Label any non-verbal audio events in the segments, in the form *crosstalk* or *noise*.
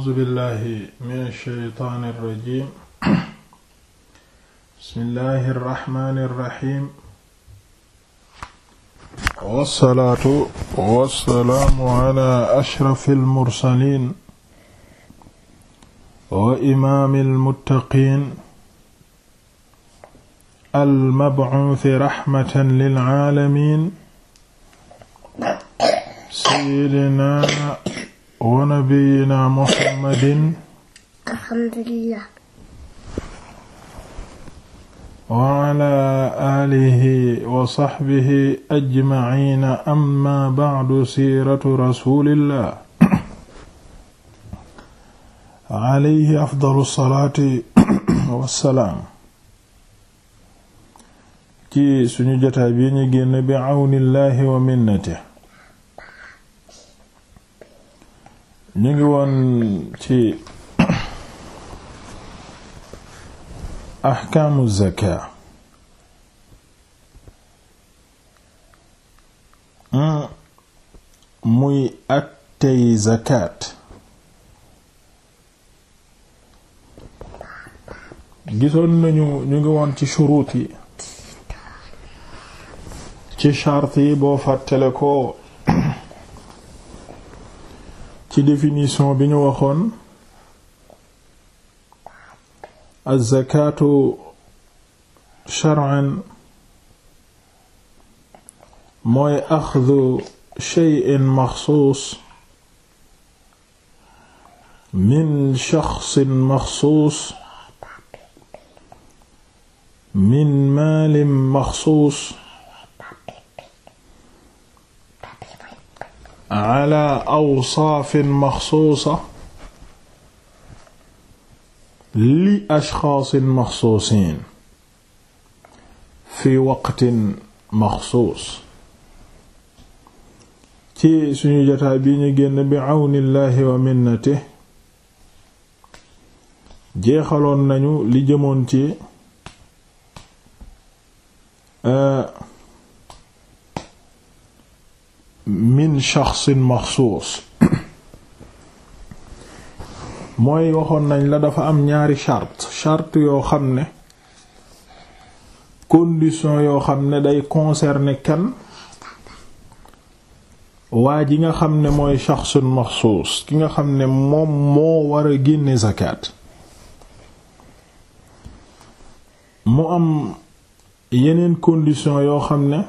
a'uuzu billahi min shaytaani rajiim bismillahi rahmaani rahiim wassalaatu wassalaamu ala ashrafil mursaliin wa imaamil muttaqiin al-mab'uuthi rahmatan lil aalamiin sayyidinaa wa nabiyina muhammadin alhamdulillah wa ala alihi wa saxbihi ajmaciina amma bacdu siiratu rasulillah alayhi afdalu salaati ci suñu jotaay bi ñu génn bi wa minnatihi ñu ngi woon ci ahkaamu zakaa hmm. muy attey zakaat gisoon nañu ñu ngi woon ci shuruut yi ci charte yi boo fàttale ko ci définition bi ñu waxoon az-zakaatu shar'an mooy axdu shay'in maxsuus min shaxsin maxsuus min maalin maxsuus ala awsaafin maxsuusa li ashxaasin maxsuusin fi waqtin maxsuus ci suñu jotaay bi ñu génn bi àwnillaahi wa minnati jeexaloon nañu li jëmoon ci euh, min shaxsin maxsuus mooy waxoon nañ la dafa am ñaari charte charte yoo xam ne condition yoo xam ne day concerner kan waa ji nga xam ne mooy shaxsun maxsuus ki nga xam ne moom moo war a génne zakat mu am yeneen condition yoo xam ne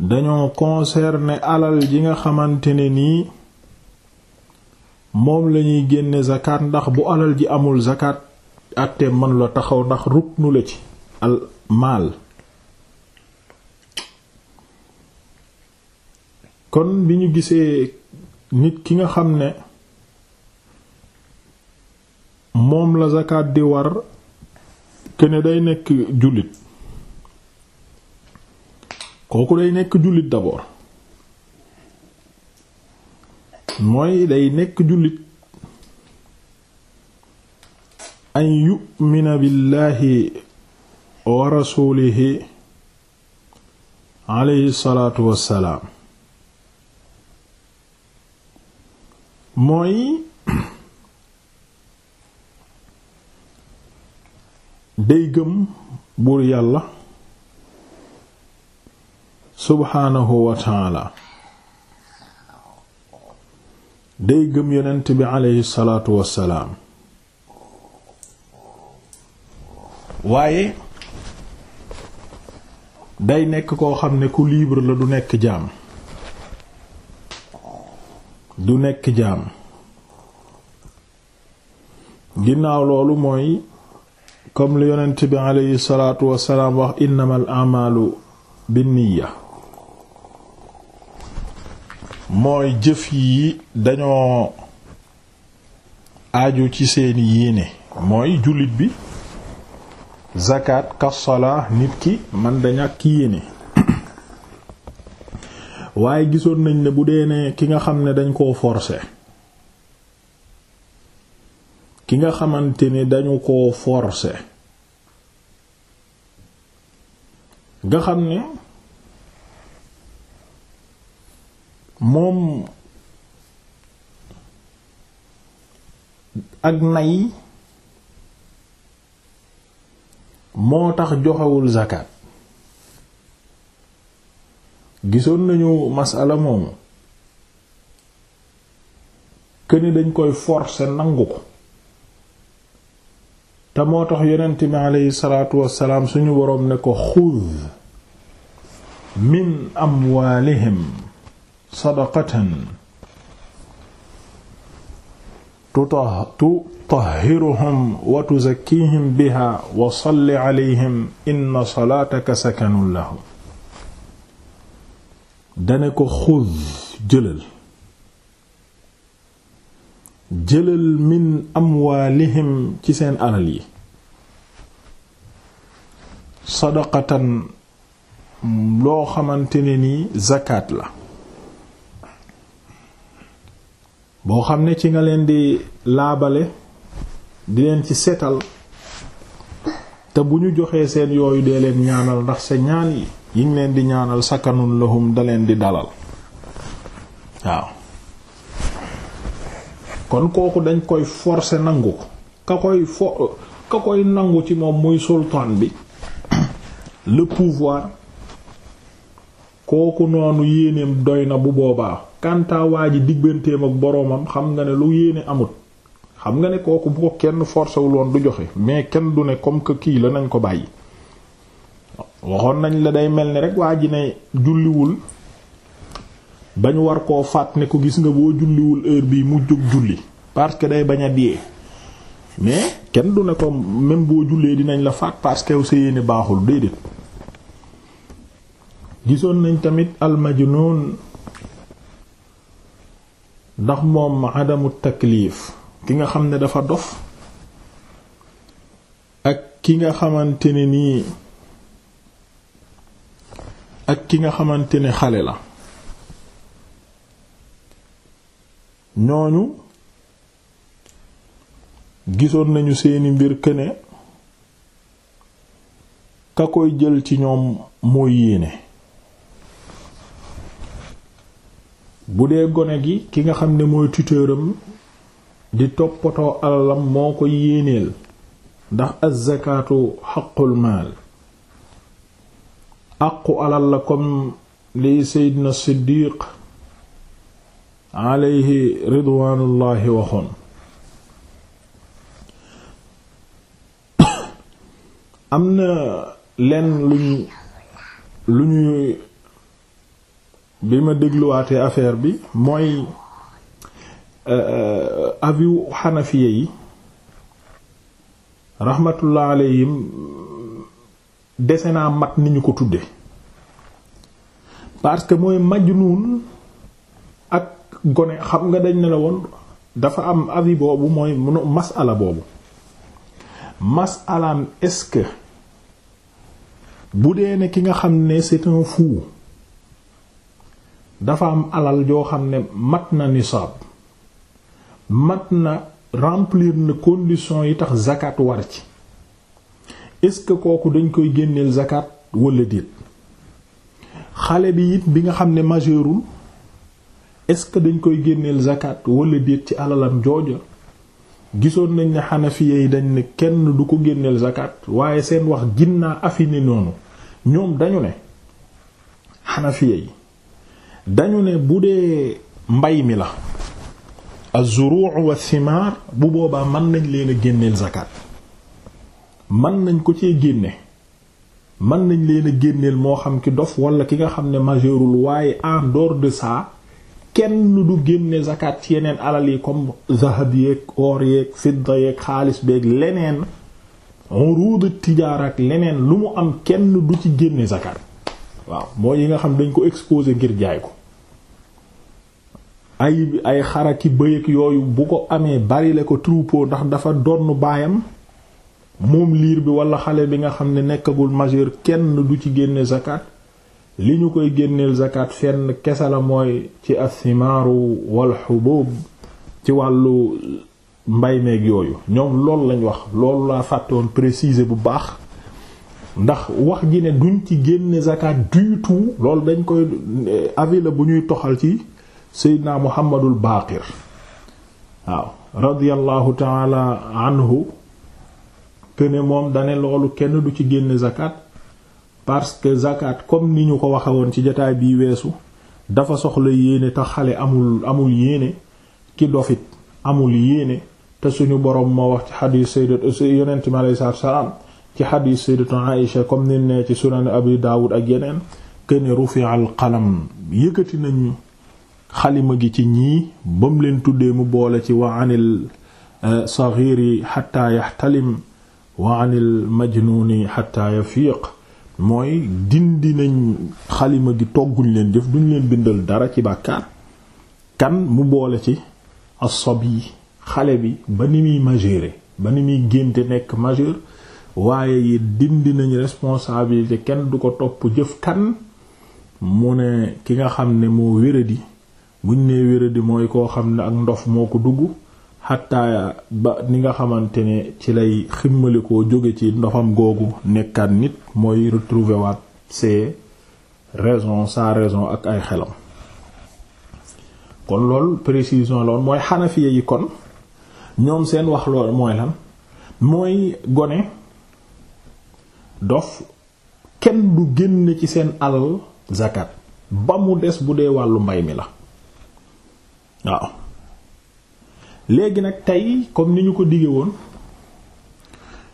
dañoo ne alal ji nga xamante ne nii moom lañuy génne zakat ndax bu alal ji amul zakat àttee man la taxaw ndax ruknu la ci al maal kon bi ñu gisee nit ki nga xam ne moom la zakat di war kene day nekk jullit kooku day nekk jullit d'abord mooy day nekk jullit an yu'mina billahi wa rasulihi mooy day gëm buur yàlla subhaanahu wa taala day gëm yonent bi aleyhi salaatu wassalaam waaye day nekk koo xam ne ku libre la du nekk jaam du nekk jaam ginnaaw loolu mooy comme li yonent bi aleyhi salaatu wassalaam wax innamal a'maalu binniya mooy jëf yi dañoo aju ci seeni yéene mooy jullit bi zakat kasola nit ki man da ñàkk yéene *coughs* waaye gisoon nañ ne bu dee ne ki nga xam ne dañ koo forsé ki nga xamante ni dañu ko forsé nga xam ne moom ak nay moo tax joxewul zakat gisoon nañu masala moomu këni dañ koy forcer nangu ko te moo tax yonent bi aleyhi salaatu wassalaam suñu boroom ne ko xud min amwaalihim sadaqatan tutahhiruhum wa tuzakkihim biha wa salli alayhim inna salaataka sakanun lahum dane ko xud jëlal jëlal min amwaalihim ci seen alal yi sadaqatan loo xamante ne nii zakaat la boo xam ne ci nga leen di laabale di leen ci seetal te bu ñu joxee seen yooyu dee leen ñaanal ndax sa ñaan yi yi ngi leen di ñaanal sakanun lahum daleen di dalal waaw kon kooku dañ koy forcer nangu ko ka koy fo ka koy nangu ci moom muy sultaan bi le pouvoir kooku noonu yéeneem doy na bu boobaa kàntaa waa ji digganteem ak boroomam xam nga ne lu yéene amut xam nga ne kooku bu ko kenn forcé wul du joxe mais kenn du ne comme que kii la nañ ko bàyyi waxoon nañ la day mel ni rek waa ji ne julliwul bañ war koo faat ne ko gis nga boo julliwul heure bi mu jóg julli parce que day bañ a diyee mais kenn du ne ko même boo jullee dinañ la faat parce que sa yéene baaxul déedéet gisoon nañ tamit al majnun ndax moom ma adamu takliif ki nga xam ne dafa dof ak ki nga xamante ne nii ak ki nga xamante ne xale la ñooñu gisoon nañu seeni mbir këne ka koy jël ci ñoom mooy yéene bu dee gone gi ki nga xam ne mooy tuteuram di toppatoo alalam moo ko yéeneel ndax az-zakatu xaqul maal aqu alal la comme li seydina siddiq aleyhi ridwaanullahi waxoon *coughs* am na lenn luñ lu ñuy bi ma dégluwaatee affaire bi mooy euh, euh, aviw xanafiye yi rahmatullah alayhim dese naa mat ni ñu ko tudde parce que mooy majnuun ak gone xam nga dañ ne la woon dafa am avis boobu mooy masala boobu masalaam ce que bu dee ne ki nga xam ne c'est un dafa am alal joo xam ne mat na nisaab mat na remplir na conditions yi tax zakat war ci est-ce que kooku dañ koy génneel zakat walla déet xale bi it bi nga xam ne majeurul est-ce que dañ koy génneel zakat walla déet ci alalam jooja gisoon nañ ne xanafiye yi dañ ne kenn du ko génneel zakat waaye seen wax ginnaa affiné noonu ñoom dañu ne xanafiye yi dañu ne bu dee mbay mi la az-zuruu wa thimaar bu boobaa mën nañ leen a génneel zakat mën nañ ko cee génne mën nañ leen a génneel moo xam ki dof wala ki nga xam ne majeurul waaye en dehors de ça kenn du génne zakat ci yeneen alal yi comme zahab yeeg or yeeg fidda yeeg xaalis beeg leneen urud tijaara ak leneen lu mu am kenn du ci génne zakat waaw mooy yi nga xam dañ ko exposé ngir jaay ko ay ay xaraki bëyëg yooyu bu ko amee bari la ko troupeau ndax dafa donn baayam moom liir bi wala xale bi nga xam ne nekkagul majeur kenn du ci génne zakat li ñu koy génneel zakat fenn kese la mooy ci athimaaru wal xubub ci wàllu mbay meek yooyu ñoom loolu lañ wax loolu laa fàttoon préciser bu baax ndax wax ji ne duñ ci génne zakat du tout loolu dañ koy eh, avis bu ñuy toxal ci seydina muhammadul baaqir waaw radiyallahu taala anhu kene moom dane loolu kenn du ci génn zakat parce que zakat comme ni ñu ko waxe woon ci jataay bii weesu dafa soxla yéene te xale amul amul yéene ki dofit amul yéene te suñu boroom moo wax ci xadiis sayyidat yonent mi alayhi salaatu salaam ci xadiis sayyidatu Aïsha comme ni ne ci sunan abi Daawud ak yeneen kene rufi'al qalam yëkkati nañu xalima gi ci ñii ba mu leen tuddee mu boole ci wa anil eh, saghiri xataa yaxtalim wa anil majnuni xataa yafiiq mooy dindi nañ xalima gi togguñ leen jëf duñ leen bindal dara ci bàkkaar kan mu boole ci as-sabi xale bi ba ni muy majeur ba ni muy génte nekk majeur waaye yi dindi nañ responsabilité kenn du ko topp jëf kan mu ne ki nga xam ne moo wéradi buñ nee wéradi mooy koo xam ne ak ndof moo ko dugg xataa ba ni nga xamante ne ci lay koo jóge ci ndofam googu nekkaat nit mooy retrouver waat ses raison sa raison ak ay xelam kon loolu précision lool mooy xanafiye yi kon ñoom seen wax lool mooy lan mooy gone dof kenn du génn ci seen alal zakat ba mu des bu dee wàllu mbay mi la waaw léegi nag tey comme ni ñu ko diggee woon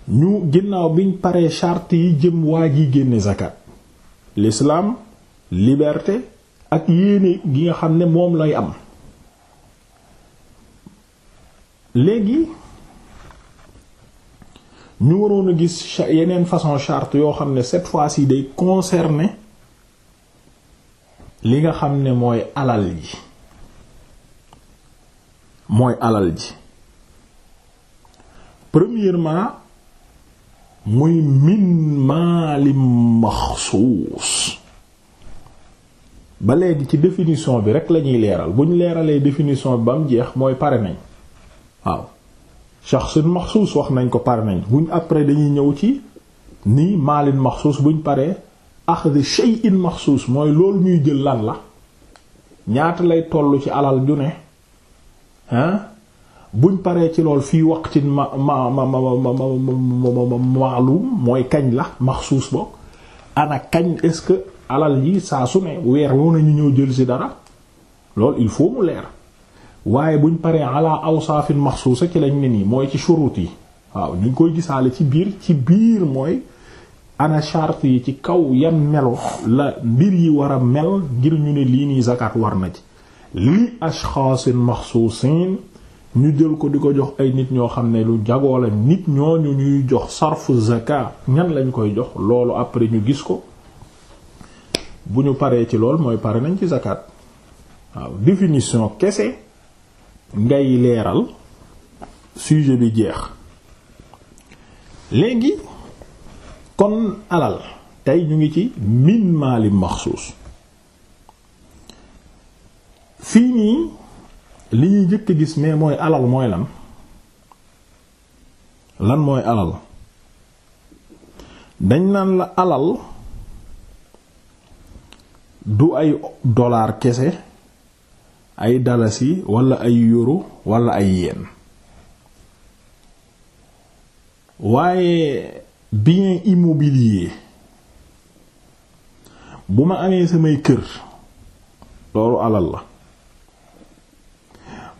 ñu ginnaaw biñ paree charte yi jëm waa ji génne zakat l'islam liberté ak yéene gi nga xam ne moom lay am léegi ñu waroon a gis yeneen façon charte yoo xam ne cette fois-ci day concerner li nga xam ne mooy alal yi mooy alal ji premièrement muy min maalim maxsuus ba léegi ci définition bi rek lañuy leeral buñ ñu leeralee définition bi bam jeex mooy pare nañ waaw shaxsun maxsuus wax nañ ko pare nañ buñ après dañuy ñëw ci nii maalin maxsuus buñ paree axdi shay'in maxsuus mooy loolu ñuy jël lan la ñaata lay tollu ci alal ju ne buñ paree ci lool fii waqtin ma ma ma ma maalum mooy kañ la maxsuus ba ana kañ est-ce que alal yi saa su ne weer woo nañu ñëw jël ci dara lool il faut mu leer waaye buñ paree ala awsaafin maxsuusa ci lañ ne nii mooy ci shurut yi waaw ñu ngi koy gisaale ci biir ci biir mooy ana charte yi ci kaw yan melo la mbir yi war a mel ngir ñu ne lii nii zakat war na ci li ashxaasin maxsuusin ñu jël ko di ko jox ay nit ñoo xam ne lu jagoo la nit ñooñu ñuy jox sarfu zakat ñan lañ koy jox loolu après ñu gis ko bu ñu paree ci lool mooy pare nañ ci zakat waaw définition kese ngay leeral sujet bi jeex léegi kon alal tey ñu ngi ci min maalim maxsuus fii nii li ñuy njëkk a gis mais mooy alal mooy lan lan mooy alal dañ naan la alal du ay dollar kese ay dalasi wala ay euro wala ay yen waaye bien immobilier bu ma amee samay kër loolu alal la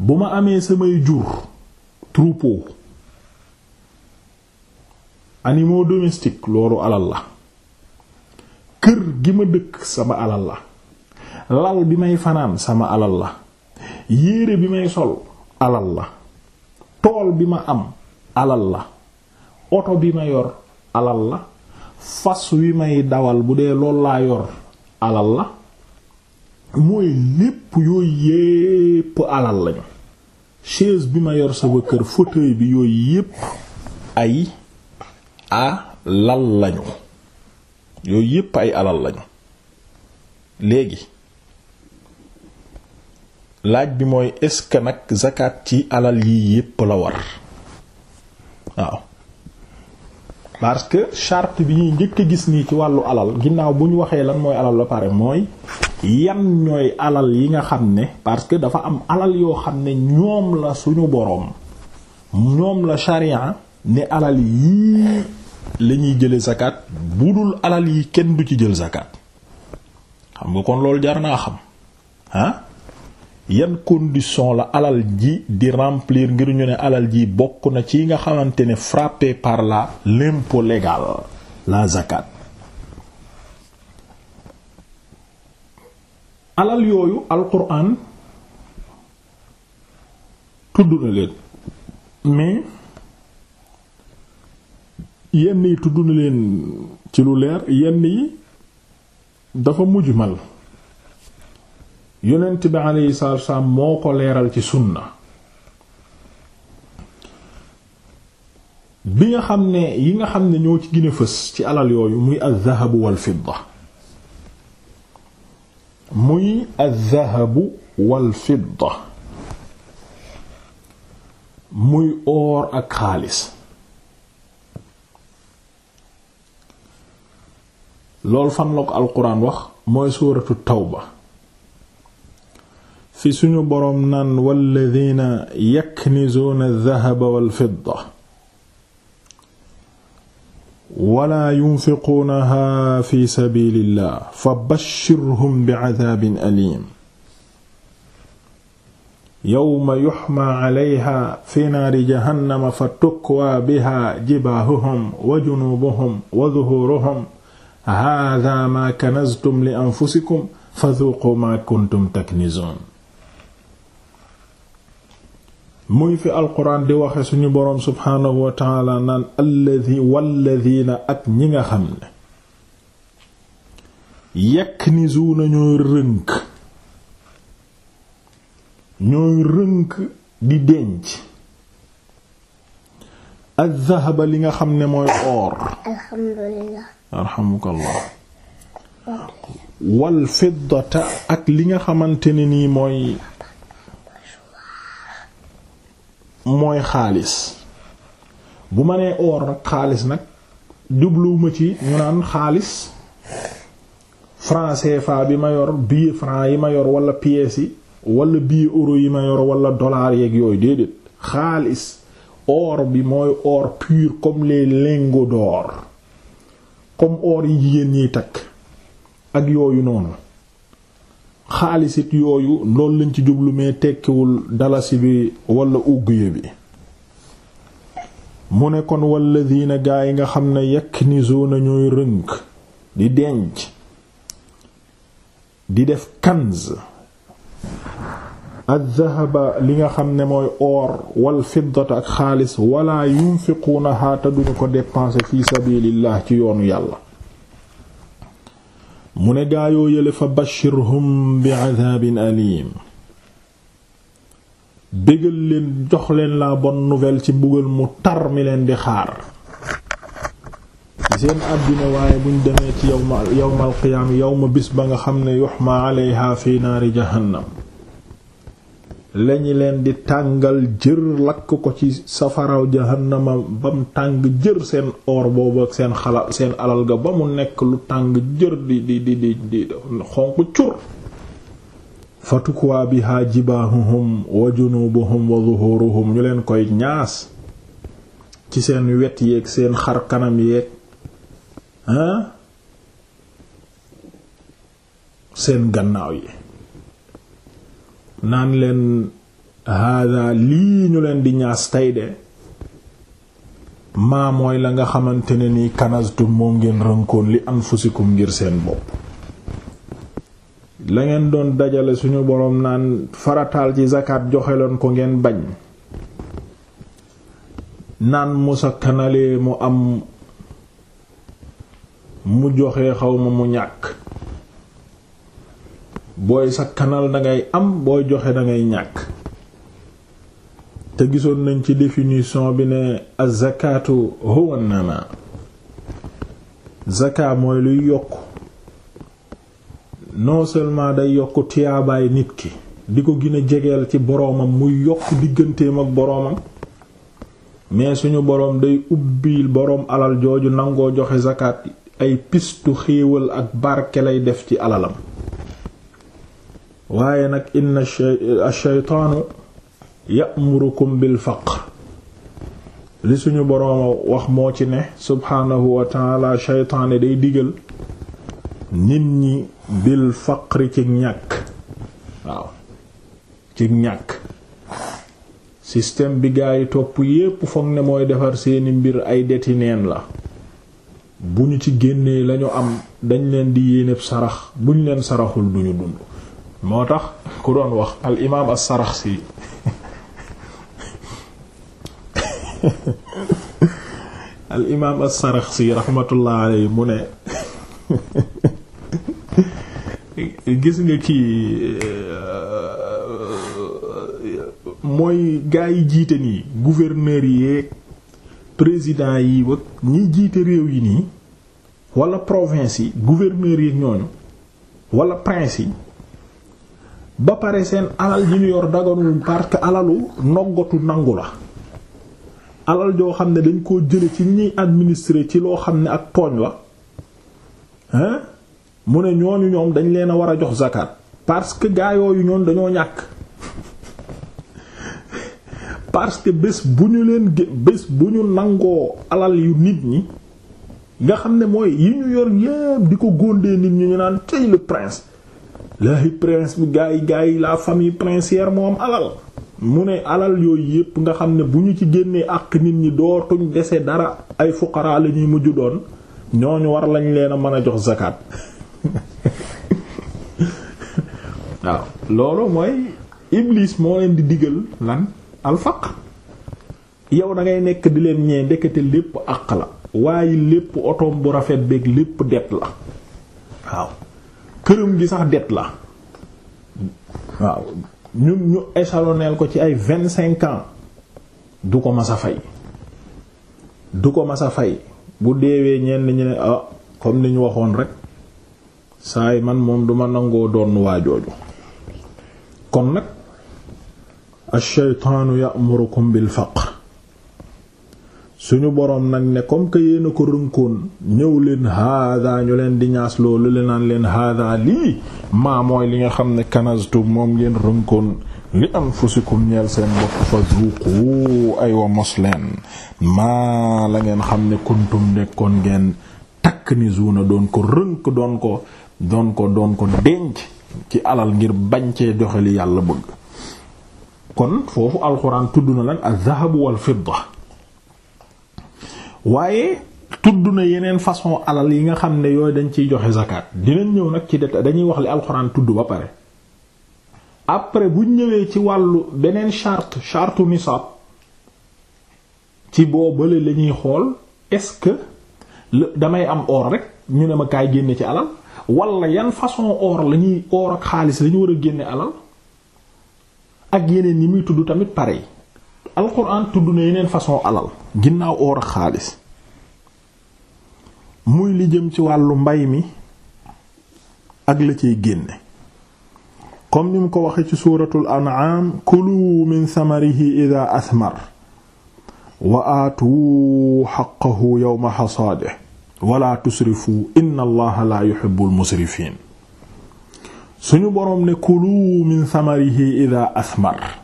bu ma amee samay jur troupeau animo domestiques loolu alal la kër gi ma dëkk sama alal la lal bi may fanaan sama alal la yéere bi may sol alal la tool bi ma am alal la oto bi ma yor alal la fas wi may dawal bu dee lool laa yor alal la mooy lépp yooyu yépp alal lañu chaise bi ma yor sama kër fauteuil bi yooyu yépp ay alal lañu yooyu yépp ay alal lañu léegi laaj bi mooy est-ce que nag zakat ci alal yi yépp la war waaw parce que chart bi ñuy njëkk a gis nii ci wàllu alal ginnaaw bu ñu waxee lan mooy alal la pare mooy yan ñooy alal yi nga xam ne parce que dafa am alal yoo xam ne ñoom la suñu boroom ñoom la sharia ne alal yii lañuy ñuy jële zakat bu dul alal yi kenn du ci jël zakat xam nga kon loolu jar naa xam ah yan condition la alal ji di remplir ngir ñu ne alal ji bokk na ci nga xamante ne frappé par la l'impôt légal la zakat alal yooyu alquran tudd na leen mais yenn yi tudd na leen ci lu leer yenn yi dafa mujmal yonent bi alayhi salaatu wassalaam moo ko leeral ci sunna bi nga xam ne yi nga xam ne ñoo ci gën fës ci alal yooyu muy al dhahabu wal fidda muy aldahabu walfidda muy oor ak xaalis loolu fan la ko alquran wax mooy suuratu tawba fi suñu boroom naan walladina yaknizuuna aldahaba walfidda wala yunfiquunaha fi sabilillah fa bashirhum bi'adabin alim yowma yuxma calayha fi naari jahannama fa tukwaa biha jibaahuhum wa junuubuhum wa duhuuruhum haadaa maa kanaztum li anfusikum fa duuquu maa kuntum taknizuun muy fi alquran di waxe suñu boroom subhaanahu wa taala naan alladi walladina ak ñi nga xam ne yaknizuuna ñooy rënk ñooy rënk di denc azzahaba li nga xam ne mooy oor alhamdulillah arhamukallah wal fiddata ak li nga xamante ne nii mooy mooy xaalis bu ma nee or nag xaalis nag jubluwuma ci ñu naan xaalis franc fa bi ma yor billet franc yi ma yor wala pièces yi walla billet euro yi ma yor wala dollars yeeg yooyu déedéet xaalis or bi mooy or pur comme les lingots d'or comme or yi jigéen ñiy takk ak yooyu noonu xaalisit yooyu loolu lañ ci jublu mais tekkiwul dalasi bi wala uguye bi mu ne kon walladina gaa yi nga xam ne na ñooy rënk di denc di def kanz addahaba li nga xam ne mooy or wal fiddata ak xaalis wala yunfiquunahaa te duñu ko dépenser fi sabilillah ci yoonu yàlla mu ne gaayoo yële fa bashirhum bi adhabin alim bégal leen jox leen la bon nouvelle ci mbugal mu tar mi leen di xaar seen àddina waaye buñ demee ci yawma yawmal qiyaam yawma bis ba nga xam ne yuhma alayha fi naari jahannam lañu leen di tàngal jër lakk ko ci safaraw jahannama bam tàng jër seen or boobu ak seen xala seen alal ga ba mu nekk lu tàng jër di di di di di xonq cur fatukwaa biha jibaahuhum wa junubuhum wa zuhuruhum ñu leen koy ñaas ci seen wet yeeg seen xar kanam yeeg hein ah, seen gannaaw yi naan leen hada lii ñu leen di ñaas tey de maa mooy la nga xamante ne ni kanastum moom ngeen rënkoon li am anfusikum ngir seen bopp la ngeen doon dajale suñu boroom naan farataal ci zakat joxeloon ko ngeen bañ naan mu sa mu am mu joxe xawma mu ñàkk booy sakkanal da am booy joxe dangay ñàkk te gisoon nañ ci définition bi ne az-zakatu huwa an-nama mooy luy yokk non seulement day yokku tiyaabaay nit ki di ko gën a jegeel ci boroomam muy yokk digganteem ak boroomam mais suñu boroom day ubbil boroom alal jooju nangoo joxe zakat ay pistu xiiwal ak barke lay def ci alalam waaye nag inna ash-shaytaanu ya'murukum bil faqr li suñu boroom wax moo ci ne subhaanahu wa taala shaytaane day digal nit ñi bil faqri ci ñàkk waaw ñàkk système bi gaa yi topp yépp foog ne mooy defar seeni mbir ay deti neen la bu ñu ci génnee lañu am dañ leen di yéeneb sarax buñ leen saraxul duñu dund moo tax ku doon wax al imaam sarax si al imaam as-Saraxsi raxmatullah alayhi mu ne gis nga kii mooy gaa yi jiite nii gouverneur yi président yi wag ñiy jiite réew yi nii wala province yi gouverneur yi ñooñu wala prince yi ba pare seen alal yi ñu yor daganul parce que alalu noggatu nangu la alal joo xam ne dañ koo jële ci ñuy administrer ci loo xam ne ak tooñ la hein mu ne ñooñu ñoom dañ leen a war a jox zakat parce que gaa yooyu ñoom dañoo ñàkk *laughs* parce que bés bu ñu leen bés bu ñu nangoo alal yu nit ñi nga xam ne mooy yi ñu yor yépp di ko góondee nit ñi ñu naan tey le prince laahi prince bi gars yi gars yi la famille princière moom alal mu ne alal yooyu yépp nga xam ne bu ñu ci génnee àq nit ñi dootuñ dese dara ay fuqara la ñuy mujj doon ñooñu war lañu leen a mën a jox zakat *laughs* waaw loolu mooy ibliis moo leen di digal lan alfaq yow da ngay nekk di leen ñee ndekkete lépp àq la waaye lépp otoom bu rafet beeg lépp det la waaw këram gi sax det la waaw ñun ñu échelonner ko ci ay vingt cinq ans du ko mas a fay du ko mas a fay bu deewee ñenn ñu ne ah comme ni waxoon rek saa yi man moom duma nangoo doon waajooju kon nag ash-shaytaanu ya'murukum bil faqr suñu boroom nag ne comme que yéen a ko rënkoon ñëw leen haada ñu leen di ñaas loolu le naan leen haada lii maa mooy li nga xam ne kanaztum moom ngeen rënkoon li am fusikum ñeel seen bopp fa zuuqu ay wa mos leen maa la ngeen xam ne kuntum nekkoon ngeen takk ni zuuna doon ko rënk doon ko doon ko denc ci alal ngir bañ cee joxe li yàlla bëgg kon foofu alxuraan tudd na lan al fidda waaye tudd na yeneen façon alal yi nga xam ne yooyu dañ ciy joxe zakat dinañ ñëw nag ci détail dañuy wax li alxuraan tudd ba pare après buñ ñëwee ci wàllu beneen charte charte nisaab ci boobale bële la ñuy xool est-ce que damay am or rek ñu ne ma kaay génne ci alal wala yan façon or lañuy or ak xaalis lañu ñu war a génne alal ak yeneen yi muy tudd tamit pare alxuraan tudd na yeneen façon alal. ginnaaw oor ak xaalis muy li jëm ci wàllu mbay mi ak la ciy génne comme ni mu ko waxe ci suuratul an'am kulu min samarihi ida asmar wa aatu xaqahu yowma xasaade wala tusrifu inna allaha la yuhibbul musrifin suñu boroom ne kulu min samarihi ida asmar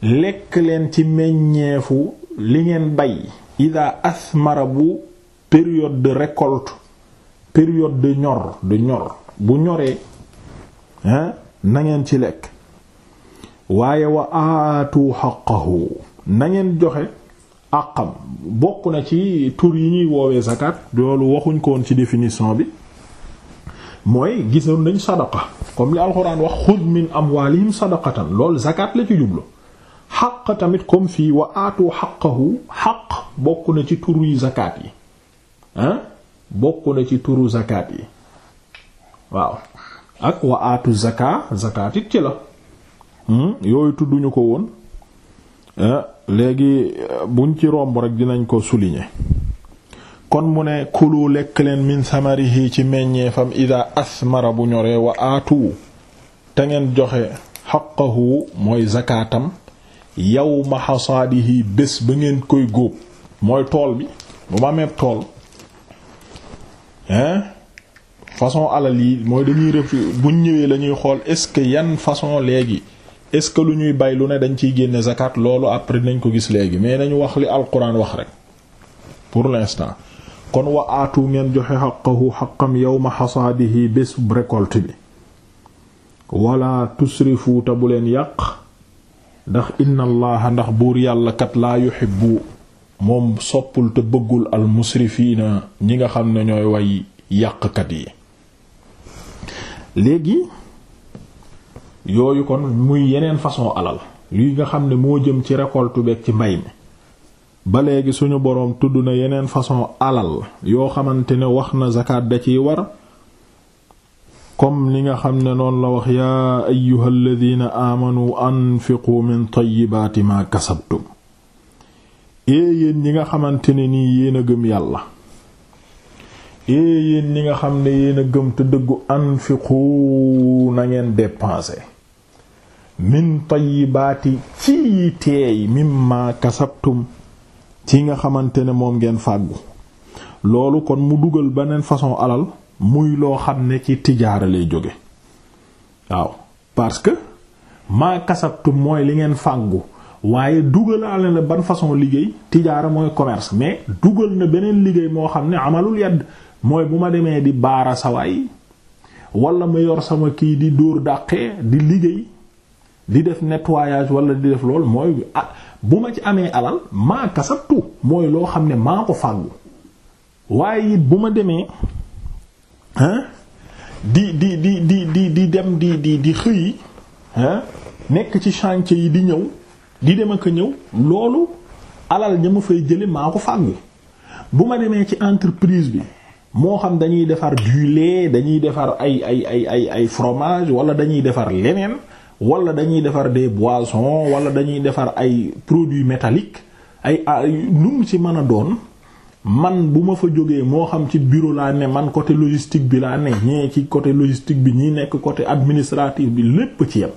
lekk leen ci meññeefu li ngeen bay ida asmara bu période de récolte période de ñor de ñor bu ñoree nangeen ci lekk waaye wa aatu xaqahu na ngeen joxe àqam bokk na ci tur yi ñuy woowee zakat loolu waxuñ ko woon ci définition bi mooy gisoon nañ sadaqa comme li alxuraan wax xud min amwalihim sadaqatan loolu zakat la ci jublu xaq tamit comme fii wa aatu xaqahu xaq bokk na ci turu zakat yi ah na ci turu zakat yi waaw ak wa aatu zaka zakat it ci la hmm? yooyu tudduñu ko woon eh, léegi eh, buñ ci romb rek dinañ ko souligner kon mu ne kulu lekk leen min samarihi ci meññeefam ida asmara bu ñoree wa aatu te ngeen joxe xaqahu mooy zakatam yawma hasaadihi bés ba ngeen koy góob mooy tool bi bu ma amee tool hein façon alal yi mooy dañuy ref buñ ñëwee la ñuy xool est-ce que yan façon léegi est-ce que lu ñuy bay lu ne dañ ciy génne zakat loolu après nañ ko gis léegi mais nañu wax li alquran wax rek pour l'instant kon wa aatu ngeen joxe xaqahu xaqam yawma xasaadihi bés récolte bi wala tusrifu ta bu leen yàq ndax inna ndax buur yàlla kat laa yuhibbu moom soppul te bëggul al musrifiina ñi nga xam ne ñooy way yàqkat yi léegi yooyu kon muy yeneen façon alal yi nga xam ne moo jëm ci récolte beek ci mbay mi ba léegi suñu boroom tudd na yeneen façon alal yoo xamante ne wax na zakat da ciy war comme li nga xam ne noonu la wax yaa ayyuha alladina aamanu anfiqu min tayyibaati ma kasabtum ee yéen ñi nga xamante ne nii yéen a gëm yàlla ee ñi nga xam ne yéen gëm te dëggu anfiqu na ngeen dépenser min tayyibaati ci teey mimma kasabtum ci nga xamante ne moom ngeen fàggu loolu kon mu dugal beneen façon alal muy loo xam ne ci tijaara lay jóge waaw parce que maa kasabtu mooy li ngeen fàggu waaye dugalaale la ban façon liggéey tijaara mooy commerce mais dugal na beneen liggéey moo xam ne amalul yadd mooy bu ma demee di baara sawaay wala ma yor sama kii di dóor dàqee di liggéey di def nettoyage wala di def lool mooy bu ma ci amee alal maa kasabtu mooy loo xam ne maa ko fàggu waaye it bu ma demee di di di di di di dem di di di xëyi nekk ci chantier yi di ñëw di dem ak ñëw loolu alal ña fay jële maa ko fàggu bu ma demee ci entreprise bi moo xam dañuy defar du dañuy defar ay ay ay ay ay fromage wala dañuy defar leneen wala dañuy defar des boissons wala dañuy defar ay produits métalliques ay ay nu mu ci mën a doon man bu ma fa jógee moo xam ci bureau laa ne man côté logistique bi laa ne ñee ci côté logistique bi ñi nekk côté administratif bi lépp ci yem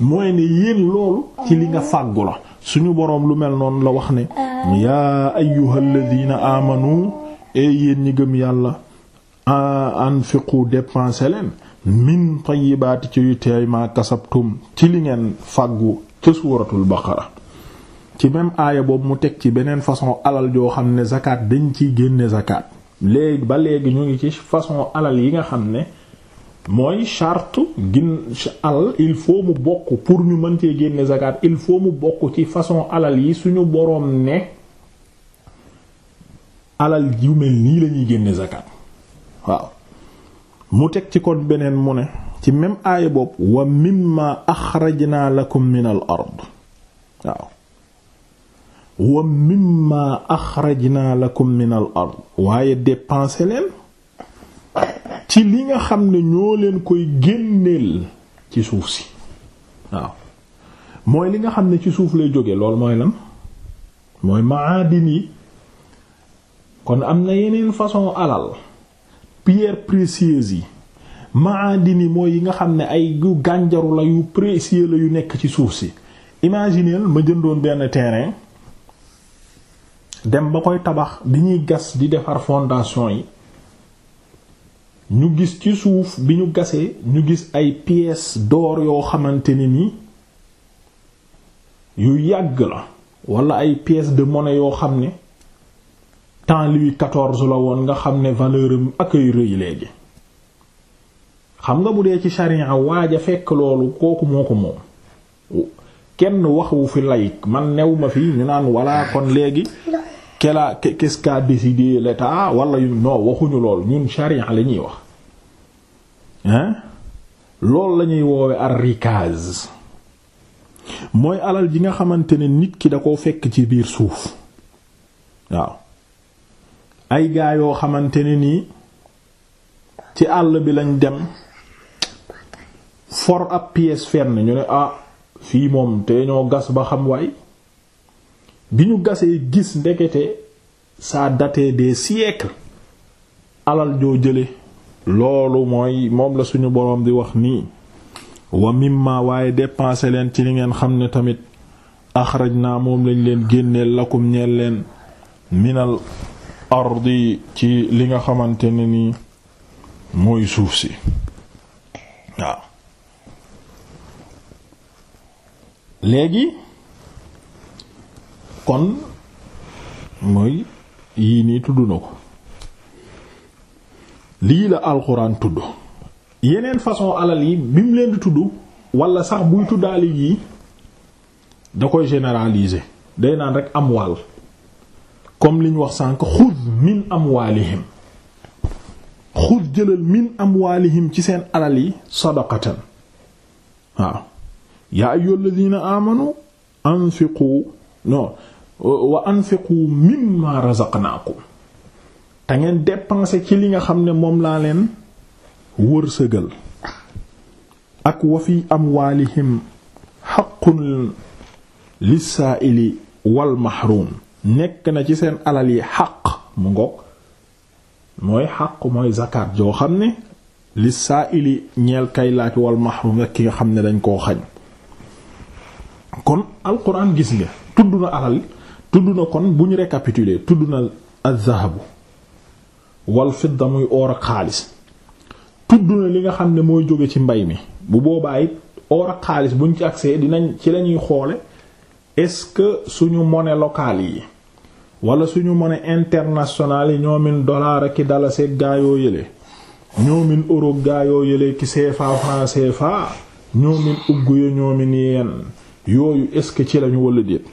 mooy ne yéen loolu ci li nga fàggu la suñu boroom lu mel noonu la wax ne yaa ayyuhal ladina amanu e yéen ñi gëm yàlla anfiqu dépenser leen min tayyibaati ci yu teey ma kasabtum ci li ngeen fàggu ca suuratul baqara ci même aaya boobu mu teg ci beneen façon alal joo xam ne zakat dañ ciy génne zakat léegi ba léegi ñu ngi ci façon alal yi nga xam ne mooy charte gin alal il faut mu bokk pour ñu mën cee génne zakat il faut mu bokk ci façon alal yi suñu boroom ne alal yu mel nii la génne zakat waaw mu teg ci kon beneen mu ne ci même aaya boobu wa mimma axrajna lakum min al ard waaw wa mimma axrajna lakum min al ard waaye dépenser leen ci li nga xam ne ñoo leen koy génneel ci suuf si waaw mooy li nga xam ne ci suuf lay jóge lool mooy lan mooy maadin yi kon am na yeneen façon alal pierres précieuses yi maadin yi mooy yi nga xam ne ay yu gànjaru la yu précieux la yu nekk ci suuf si imagineel ma jëndoon benn terrain dem ba koy tabax bi ñuy gas di defar fondation yi ñu gis ci suuf bi ñu gasee ñu gis ay pièces door yoo xamante ne ni yu yàgg la walla ay pièces de monnaie yoo xam ne temps Louis XIV la woon nga xam ne valeur am ak ay rëy léegi xam nga bu dee ci charia waaj a fekk loolu kooku moo ko moom kenn waxu fi layik man new ma fii ñu naan walla kon léegi kela qu'est-ce qu'a décidé l'État yu non waxuñu lool ñun charia la ñuy wax hein loolu la ñuy woowe arrikaz mooy alal ji nga xamante ne nit ki da koo fekk ci biir suuf waaw ay gaa yoo xamante ne nii ci àll bi lañ dem for ab pièce fenn ñu ne ah fii moom te ñoo gas ba xam waay bi ñu gasee gis ndekete ça daté des siècles alal joo jële loolu mooy moom la suñu boroom di wax nii wa mimma waaye dépensé leen ci li ngeen xam ne tamit axraj naa moom lañ leen génneel lakum ñeel leen minal ardi ci li nga xamante ne nii mooy suuf si léegi kon mooy yii nii tudd na ko lii la alxuraan tudd yeneen façon alal yi bi mu leen di tudd walla sax buy tuddaale yii da koy généraliser day naan rek amwaal comme li wax sànq xud min amwaalihim xud jëlal min amwaalihim ci seen alal yi sadaqatan waaw yaa ayyuhalladhina amanu anfiqu non wa anfiqu mimma razaqnaakum te ngeen dépenser ci li nga xam ne moom laa leen wërsëgal ak wa fi amwaalihim xaqun lissaa'ili wal mahrum nekk na ci seen alal yi xaq mu ngoog mooy xaq mooy zakat joo xam ne lissaa'ili ñeel kay laaj wal mahrum ak ki nga xam ne dañ koo xañ kon alquran gis nga tudd na alal tudd na kon bu ñu récapituler tudd na az-zahabu wal fidda muy oor ak xaalis tudd na li nga xam ne mooy jóge ci mbay mi bu boobaay it oor ak xaalis buñ ci accès dinañ ci lañuy xoole est-ce que suñu mone locale yi walla suñu mone internationale yi ñoomin dollar ak ki dalaseeg gaayoo yële ñoomin euro gaayoo yële ki CFA franc CFA ñoomin ugg ya ñoomin yeen yooyu est-ce que ci lañu walla déet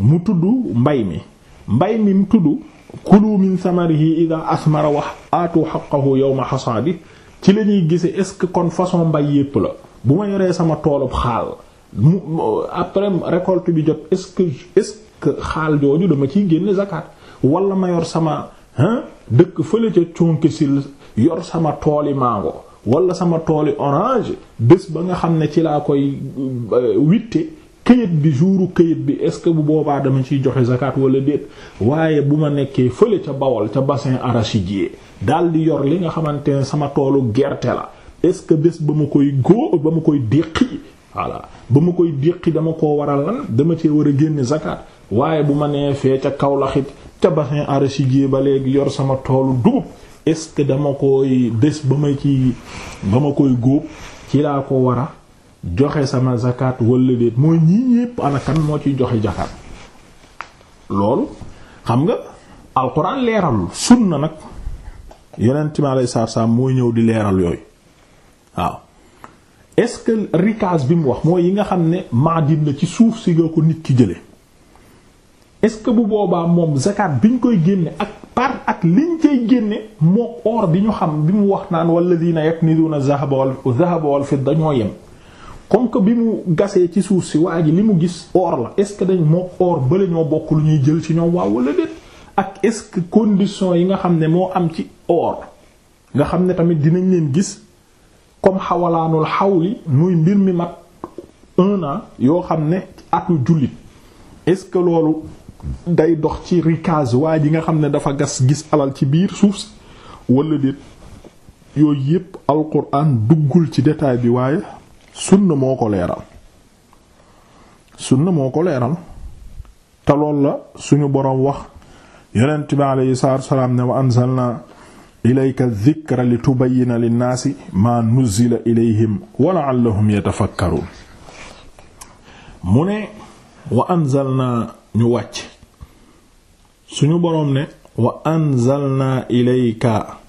mu tudd mbay mi mbay mi mu tudd kulu min samarihi ida asmara wa aatu xaqahu yawma xasaadi ci la ñuy gise est-ce que kon façon mbay yépp la bu ma yoree sama toolub xaal mu après récolte bi jot est-ce que est-ce que xaal jooju dama ciy génn zakat wala ma yor sama hein dëkk fële ca conkisil yor sama tooli mango wala sama tooli orange bés ba nga xam ne ci laa koy euh, witte këyit bi jouru këyit bi est-ce que bu boobaa dama ciy joxe zakat wala déet waaye bu ma nekkee fële ca Bawol ca bassin arachidier daal di yor li nga xamante ne sama toolu gerte la est-ce que bés ba ma koy góo ba ma koy déqi voilà ba ma koy déqi dama koo war dama cee war a génne zakat waaye bu ma nee fee ca Kaolack ca bassin arachidier ba léegi yor sama toolu dugub est-ce que dama koy bés ba ma ci ba ma koy góob ci laa ko war a joxe sama zakat wala déet mooy ñii ñépp ana kan moo ciy joxe zakat loolu xam nga alquran leeralul na nag yeneen mi alei saatu salaam mooy ñëw di leeral yooyu waaw est-ce que rikaas bi mu wax mooy yi nga xam ne maadin la ci suuf si nga ko nit ki est-ce que bu boobaa moom zakat bi ñu koy génne ak par ak liñ cay génne mook or bi ñu xam bi mu wax naan walladina yaknizuna zahaba wal fidda dañoo yem comme que bi mu gasee ci suuf si waa ji li mu gis or la est-ce que dañ moo or bala ñoo bokk lu ñuy jël ci ñoom waaw wala déet ak est-ce que condition yi nga xam ne moo am ci or nga xam ne tamit dinañ leen gis comme xawalaanul xawli muy mbir mi mat un an yoo xam ne atu jullit est-ce que loolu day dox ci rikaz waa ji nga xam ne dafa gas gis alal ci biir suuf si wala déet yooyu yépp alquran duggul ci détail bi waaye sunna moo ko leeral sunna moo ko leeral te lool la suñu boroom wax yonent bi aleyhi salaatu wasalaam ne wa anzalna ilayka dhikra li tubayyina linnaasi maa nuzzila ilayhim wa la'allahum yatafakkaruun mu ne wa anzalna ñu wàcc suñu boroom ne wa anzalna ilayka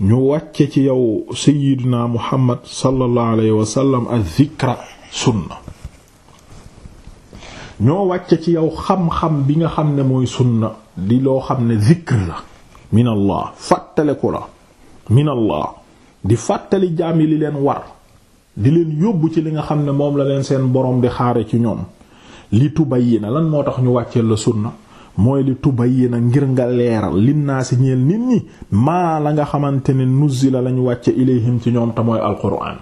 ñu wàcce ci yow sayyidina muhammad sallallahu alayhi wa sallam az-zikra sunna ñoo wàcce ci yow xam-xam bi nga xam ne mooy sunna di loo xam ne zikr la min allah la min di fàttali jaam yi li leen war di leen yóbbu ci li nga xam ne moom la leen seen boroom di xaare ci ñoom li na lan moo tax ñu wàccee la sunna mooy li tubayyina ngir nga leeral linnaasi ñeel nit ñi maa la nga xamante ne la lañu wàcce ilayhim ci ñoom te mooy alquran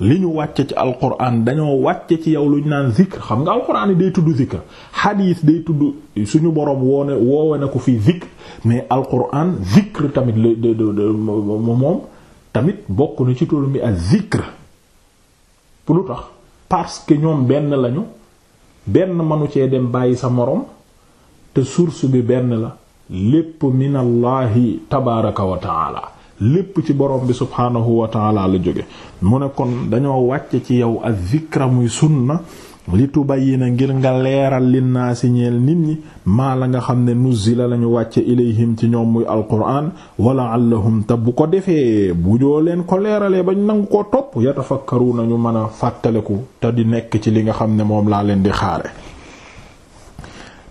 li ñu wàcce ci alquran dañoo wàcce ci yow lu ñu naan zikr xam nga alquran yi day tudd zikr xadiis day tudd suñu boroom woone woowe ko fii zikr mais alquran zikr tamit moom tamit bokk na ci tollu mi ak zikr pour lu tax parce que ñoom benn lañu benn manu cee dem bàyyi sa moroom te source bi benn la lépp minallahi tabaaraka wa lépp ci borom bi subhaanahu wa taala la jóge mu ne kon dañoo wàcce ci yow ak zikra muy sunna li na ngir nga leeral linnaasi ñeel nit ñi maa la nga xam ne nuzzila lañu wàcce ilayhim ci ñoom muy alquraan wala allahum te bu ko defee bu joo leen ko leeralee bañ nangu ko topp yatafakkaru nañu mën a fàttaleku te di nekk ci li nga xam ne moom laa leen di xaare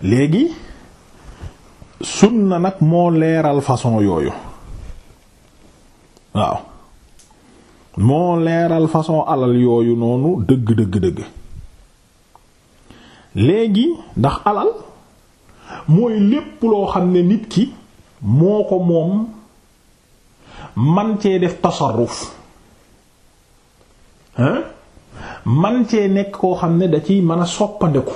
léegi na nag moo leeral façon yooyu waaw moo leeral façon alal yooyu noonu dëgg dëgg dëgg léegi ndax alal mooy lépp loo xam ne nit ki moo ko moom man cee def tasarruf man cee nekk koo xam ne da ciy mën a soppandiku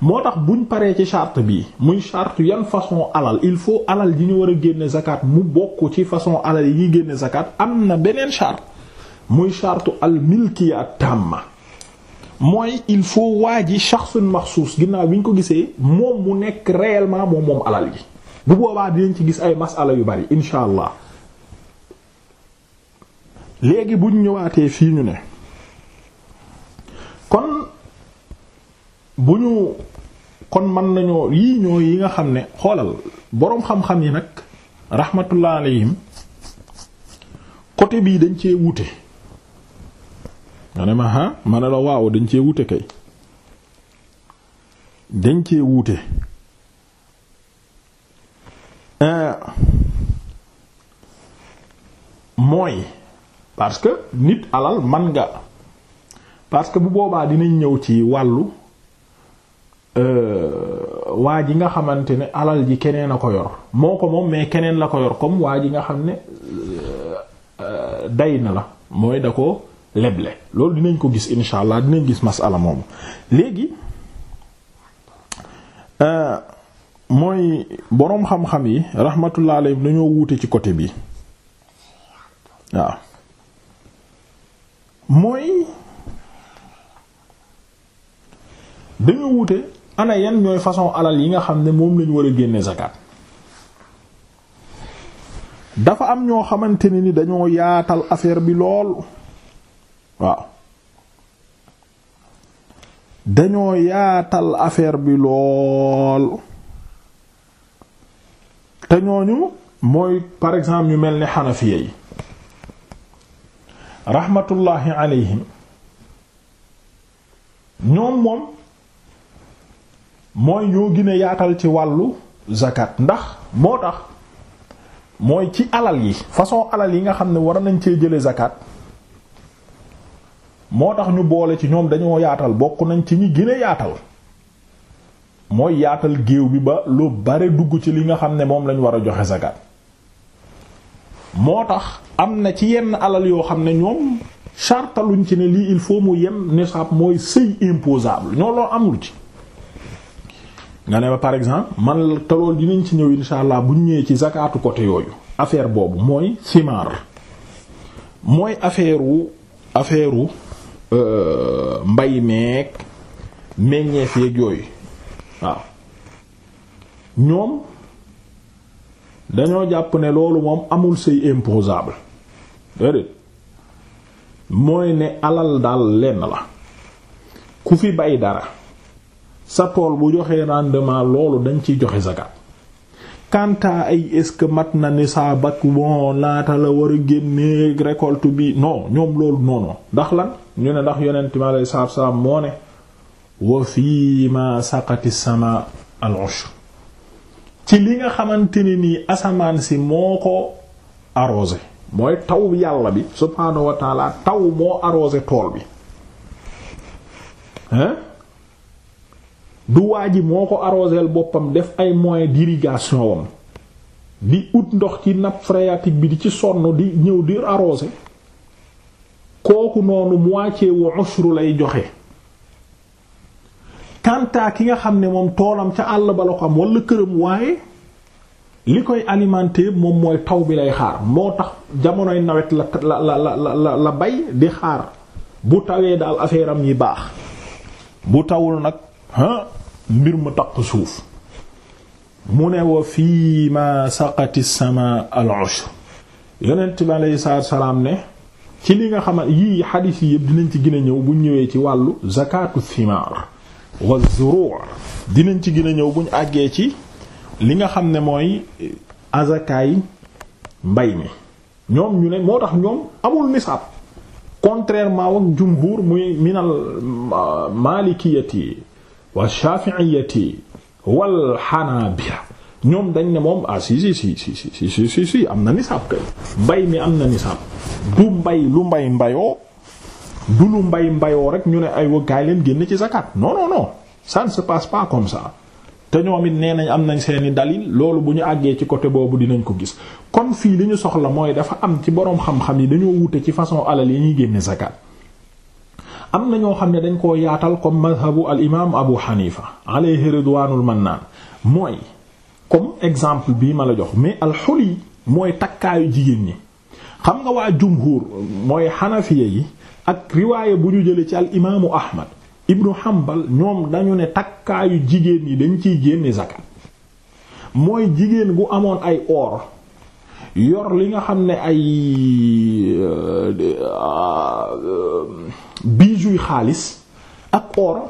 moo tax buñ paree ci charte bi muy charte yan façon alal il faut alal yi ñu war a génne zakat mu bokk ci façon alal yi ñuy génne zakat am na beneen charte muy charte al milkiya tamma mooy il faut waa ji shakhsun maxsuus ginnaaw bi ñu ko gisee moom mu nekk réellement moo moom alal yi bu boobaa dinañ ci gis ay masala yu bari insha allah léegi buñ ñëwaatee fii ñu ne bu ñu kon mën nañoo yii ñoo yi nga xam ne xoolal boroom xam-xam yi nag rahmatullah alayhim côté bii dañ cee wute nga ne waaw dañ cee wute kay dañ cee wute euh, mooy parce que nit alal man nga parce que bu boobaa dinañ ñëw ci wàllu Euh, waa ji nga xamante ne alal ji keneen a ko yor moo ko moom mais keneen la ko yor comme waa ji nga xam ne euh, euh, day na la mooy da ko leble loolu dinañ ko gis insha allah dinañ gis ala moom léegi mooy boroom xam-xam yi rahmatullah alayhi dañoo wuute ci côté bi waaw mooy dañoo wuute ana yan ñooy façon alal yi nga xam ne moom lañu war a génne zakat dafa am ñoo xamante ne ni dañoo yaatal affaire bi lool waaw dañoo yaatal affaire bi lool te ñooñu mooy par exemple ñu mel ni xanafiya yi raxmatullaahi alayhim ñoom moom mooy ñoo gine yaatal ci wàllu zakat ndax moo tax mooy ci alal yi façon alal yi nga xam ne war nañ cee jële zakat moo tax ñu boole ci ñoom dañoo yaatal bokk nañ ci ñi gine a yaatal mooy yaatal géew bi ba lu bare dugg ci li nga xam ne moom lañ war a joxe zakat moo tax am na ci yenn alal yoo xam ne ñoom chartaluñ ci ne lii il faut mu yem nisab mooy seuil imposable ñoo loo amul ci nga ne ba par exemple man te loolu dinañ ci ñëw insha allah buñ ñëwee ci zakaatu côté yooyu affaire boobu mooy simaar mooy affaire wu affaire wu euh, mbay meeg meññeef yeeg yooyu waaw ñoom dañoo jàpp ne loolu moom amul sëy imposable mooy ne alal daal lenn la ku fi bay dara sa tool bu joxee rendement loolu dañ ciy joxe zakat quant ay est-ce que mat na nisaab ak bon laata la war a génneeg récolte bi no ñoom loolu noonu ndax la ñu ne ndax yonent mi alayhi salaatu moo ne wa fii ma saqati sama al-ushr ci li nga xamante ni nii asamaan si moo ko arrosé mooy taw yàlla bi subhaanahu wa taw moo arrosé tool bi du ji moo ko arroseel boppam def ay moye d'irrigation wam di ut ndox ci nap phréatique bi di ci sonn di ñëw di arroser kooku noonu moitié wu ushru lay joxe kantaa ki nga xam ne moom toolam ca àll ba la këram waaye li koy alimenter moom mooy taw bi lay xaar moo tax jamonoy nawet la la la la bay di xaar bu tawee daal affaire am yi baax bu tawul nag ah mbir mu taq suuf mu ne wa fii ma saqati sama al ushr yonent bi aleyhi salaam ne ci li nga xam yii xadiis yi yëpp dinañ ci gën a ñëw buñ ñëwee ci wàllu zakatu thimar wa zurur dinañ ci gën a ñëw buñ àggee ci li nga xam ne mooy azakaay mbay mi ñoom ñu ne moo tax ñoom amul nisaab contrairement ak jumhur muy minal malikiyati wa shafi'iyyati wal hanabila ñoom dañ ne moom ah si si si si si si am na nisaab kay mbay mi am na nisaab du mbay lu mbay mbayoo du lu mbay mbayoo rek ñu ne ay waggaay leen génn ci zakat non non san ça ne se passe pas comme ça te ñoom it nee nañ am nañ seeni dalil loolu bu ñu àggee ci côté boobu dinañ ko gis kon fii li ñu soxla mooy dafa am ci boroom xam-xam yi dañoo wute ci façon alal yi ñuy génne zakat am na ñoo xam ne dañ koo yaatal comme madhabu al imaam Abu Hanifa alayhi ridwaanul mannaan mooy comme exemple bii ma la jox mais alxuli mooy takkaayu jigéen ñi xam nga waa jumhur mooy xanafiya yi ak riwaaya bu ñu jëlee ci al imaamu Ahmad ibnu Hanbal ñoom dañu ne takkaayu jigéen ñi dañ ciy génne zakat mooy jigéen gu amoon ay or yor li nga xam ne ay. Euh, euh, bijoux xaalis ak or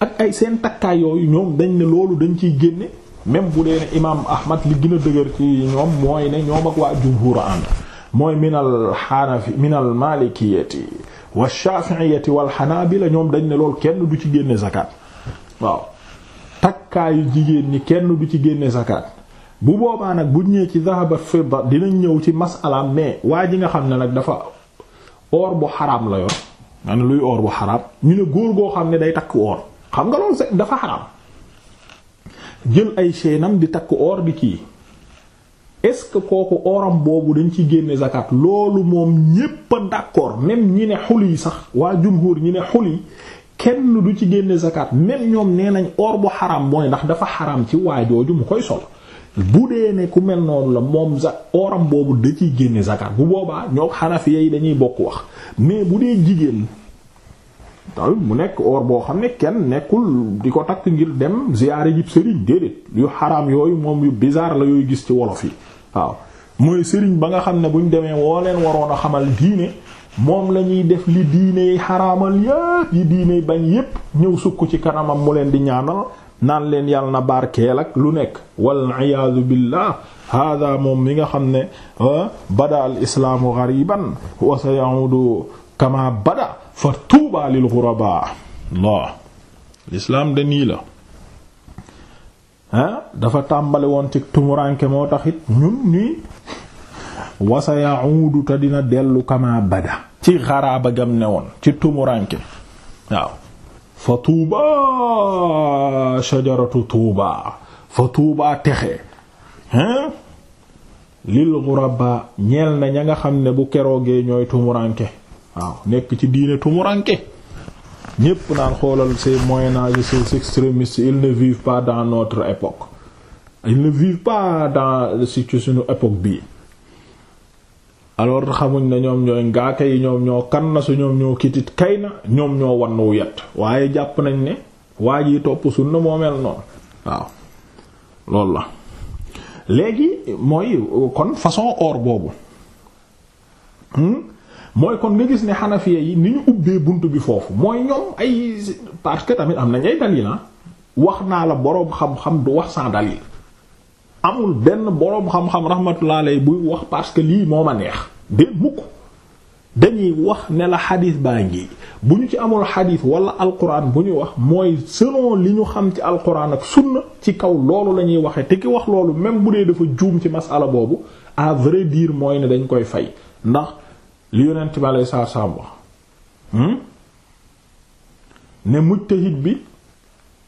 ak ay seen takkaay yooyu ñoom dañ ne loolu dañ ciy génne même bu dee ne imaam Ahmad li gën a dëgër ci ñoom mooy ne ñoom ak waa jumhuur ànd mooy minal xanafi minal maalikiyati wa shafi'iyati wal xanaabila ñoom dañ ne loolu kenn du ci génne zakat waaw takkaayu jigéen ñi kenn du ci génne zakat bu boobaa nag bu ñëwee ci zahabat fidda dinañ ñëw ci masalaam mais waa ji nga xam ne nag dafa or bu xaraam la yor nga ne luy or bu xaraam ñu ne góor goo xam ne day takk or xam nga loolu dafa xaraam jël ay seenam di takk or bi kii est-ce que kooku oram boobu dañ ci génne zakat loolu moom ñépp a d'accord même ñi ne xul yi sax waa jumhur ñi ne xul yi kenn du ci génne zakat même ñoom nee nañ or bu xaraam mooy ndax dafa xaraam ci waa waajooju mu koy sol bu dee ne ku mel noonu la moom za oram boobu da ciy génne zakat bu boobaa ñoo xanafiya yi dañuy bokk wax mais bu dee jigéen tamit mu nekk or boo xam ne kenn nekkul di ko takk ngir dem ziyaare jib sëriñ déedéet yu xaram yooyu moom yu bizarre la yooyu gis ci wolof yi waaw mooy sëriñ ba nga xam ne buñ demee woo leen waroon a xamal diine moom lañuy def li diine xaramal yépp yi diine bañ yépp ñëw sukk ci kanamam mu leen di ñaanal naan leen yàlla na barkeel ak lu nekk wal iyaadu billah hada moom mi nga xam ne bada al islaamu ghariban wa sayaudu fa tuuba lil ghuraba Allah l'islam de nii la dafa tàmbale woon ci tumuraanke moo taxit ñun nii wa sayaudu te dina dellu kama bada ci xaraaba gam ne woon ci tumuranke waaw fa tuuba shajaratu tuuba fa tuuba texe hein lil ghuraba ñeel na ña nga xam ne bu keroogee ñooy tumuranke waaw nekk ci diine tumuranke ñépp naan xoolal ces moyen âge ces extrémistes ils ne vivent pas dans notre époque ils ne vivent pas dans si ci suñu époque bii alors xamuñ ne ñoom ñooy ngaaka yi ñoom ñoo kan na su ñoom ñoo kitit kay na ñoom ñoo wannuwu yet waaye jàpp nañ ne waa yi topp sunna moo mel noonu waaw loolu la léegi mooy kon façon or boobu hmm? mooy kon nga gis ne xanafiya yi ni ñu ubbee bunt bi foofu mooy ñoom ay parce que tamit am nañ ay dalil ah wax naa la boroom xam-xam du wax sans dalil amul benn boroom xam-xam rahmatullah alay buy wax parce que lii moo ma neex de mukk dañuy wax ne la xadiis baa ngi bu ci amul xadiis wala alquran bu ñu wax mooy selon li ñu xam ci alquran ak sunna ci kaw loolu la ñuy waxee te ki wax loolu même bu dee dafa juum ci masala boobu à vrai mooy ne dañ koy fay ndax li yonent bi alei saatu salaam wax hmm? ne mujtahid bi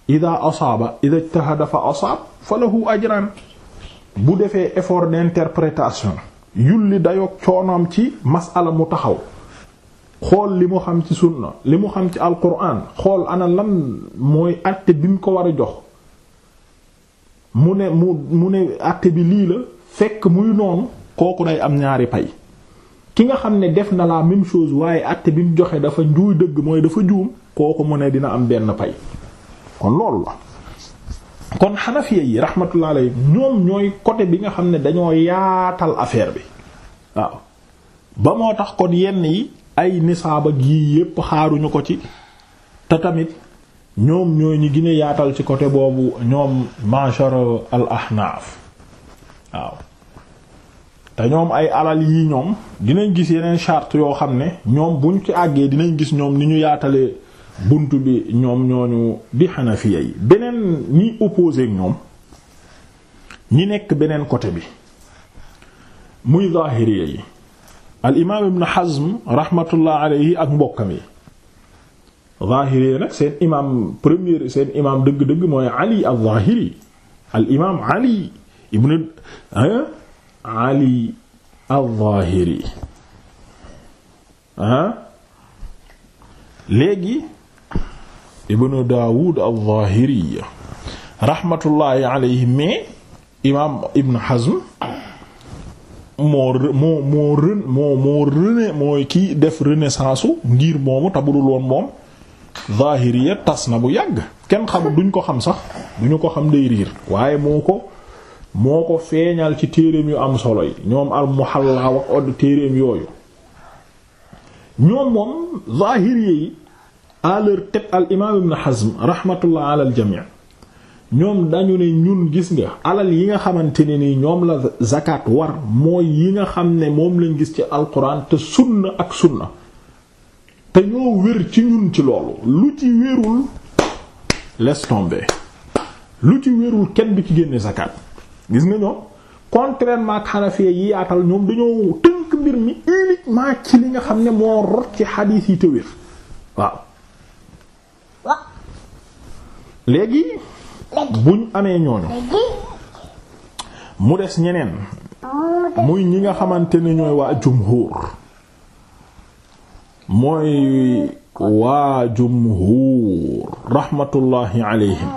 ida asaaba ida ijtahada fa asaab fa lahu ajran bu defee effort d'interprétation yulli dayoog coonoom ci masala mu taxaw xool li mu xam ci sunna li mu xam ci alquran xool ana lan mooy àtte bi ko war a jox mu ne mu mu ne àtte bi lii la fekk muy noonu kooku day am ñaari pay ki nga xam ne def na la même chose waaye àtte bi mu joxe dafa njuuy dëgg mooy dafa juum kooku mu ne dina am benn pay kon loolu la kon xanafiya yi rahmatullah alayhi ñoom ñooy côté bi nga xam ne dañoo yaatal affaire bi waaw ba moo tax kon yenn yi ay nisaab ak yii yépp xaaruñu ko ci te tamit ñoom ñooy ñi gën yaatal ci côté boobu ñoom mashar al ahnaaf waaw te ñoom ay alal yi ñoom dinañ gis yeneen charte yoo xam ne ñoom buñ ci àggee dinañ gis ñoom ni ñu yaatalee bunt bi ñoom ñooñu di xanafiya yi beneen ñi opposé ak ñoom ñi nekk beneen côté bi muy zahiriya yi al imaam ibn Hazm rahmatullah alayhi ak mbokkam yi zahiriya nag seen imaam premier seen imaam dëgg-dëgg mooy Ali al-Zahiri al imaam Ali ibn Ali al-Zahiri ah léegi ibnu daawud al-Zahiri rahmatullahi alayhi mais imaam Ibn Hazm moo moo moo ren moo moo rene mooy ki def renaissance ngir moomu tabudul woon moom Zahiriya tas na bu yàgg kenn xamul duñ ko xam sax duñu ko xam day riir waaye moo ko moo ko feeñal ci téereem yu am solo yi ñoom al-Muhalla wax odd téereem yooyu ñoom moom Zahiriya yi à leur tête al imaam ibn Hazm rahmatullah dañu ne gis nga alal yi nga xamante ne ni ñoom la zakat war mooy yi nga xam ne moom lañ gis ci alquran te sunna ak sunna te ñoo wér ci ñun ci loolu lu ci wérul laisse tomber lu ci wérul kenn du ci génne zakat gis nga ñoom contrairement ak xanafiya yi yaatal ñoom dañoo tënk mbir mi uniquement ci li nga xam ne moo rot ci xadiis yi te wér waaw léegi buñ amee ñooñu mu des ñeneen ah, muy ñi nga xamante ne ñooy waa jumhuur mooy waa jumhuur raxmatullaahi alayhim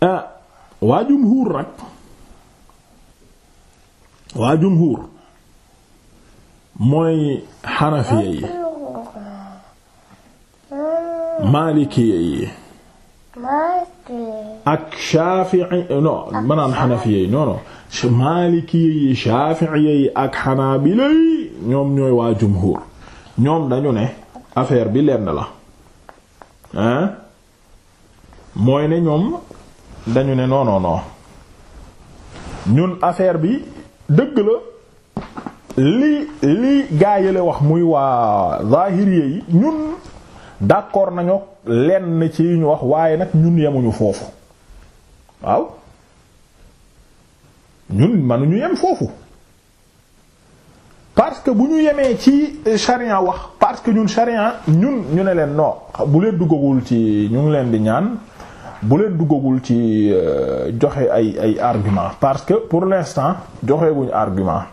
ah waa jumhuur nag waa jumhuur mooy xanafiya yi maalikiye yi ak shafi'i non manaan xanafiye yi non non yi shafi'iye yi ak bi yi ñoom ñooy waa jumhur ñoom dañu ne affaire bi lenn la mooy ne ñoom dañu ne non ñun affaire bi dëgg la li li gaayale wax muy waa zahiriye yi ñun d'accord nañu lenn ci ñu wax waaye nag ñun yemuñu foofu waaw ñun mënuñu yem foofu parce que bu ñu yemee ci sharia wax parce que ñun sharia ñun ñu ne leen non bu leen duggagul ci ñu ngi leen di ñaan bu leen duggagul ci euh, joxe ay ay argument parce que pour l'instant joxeeguñ argument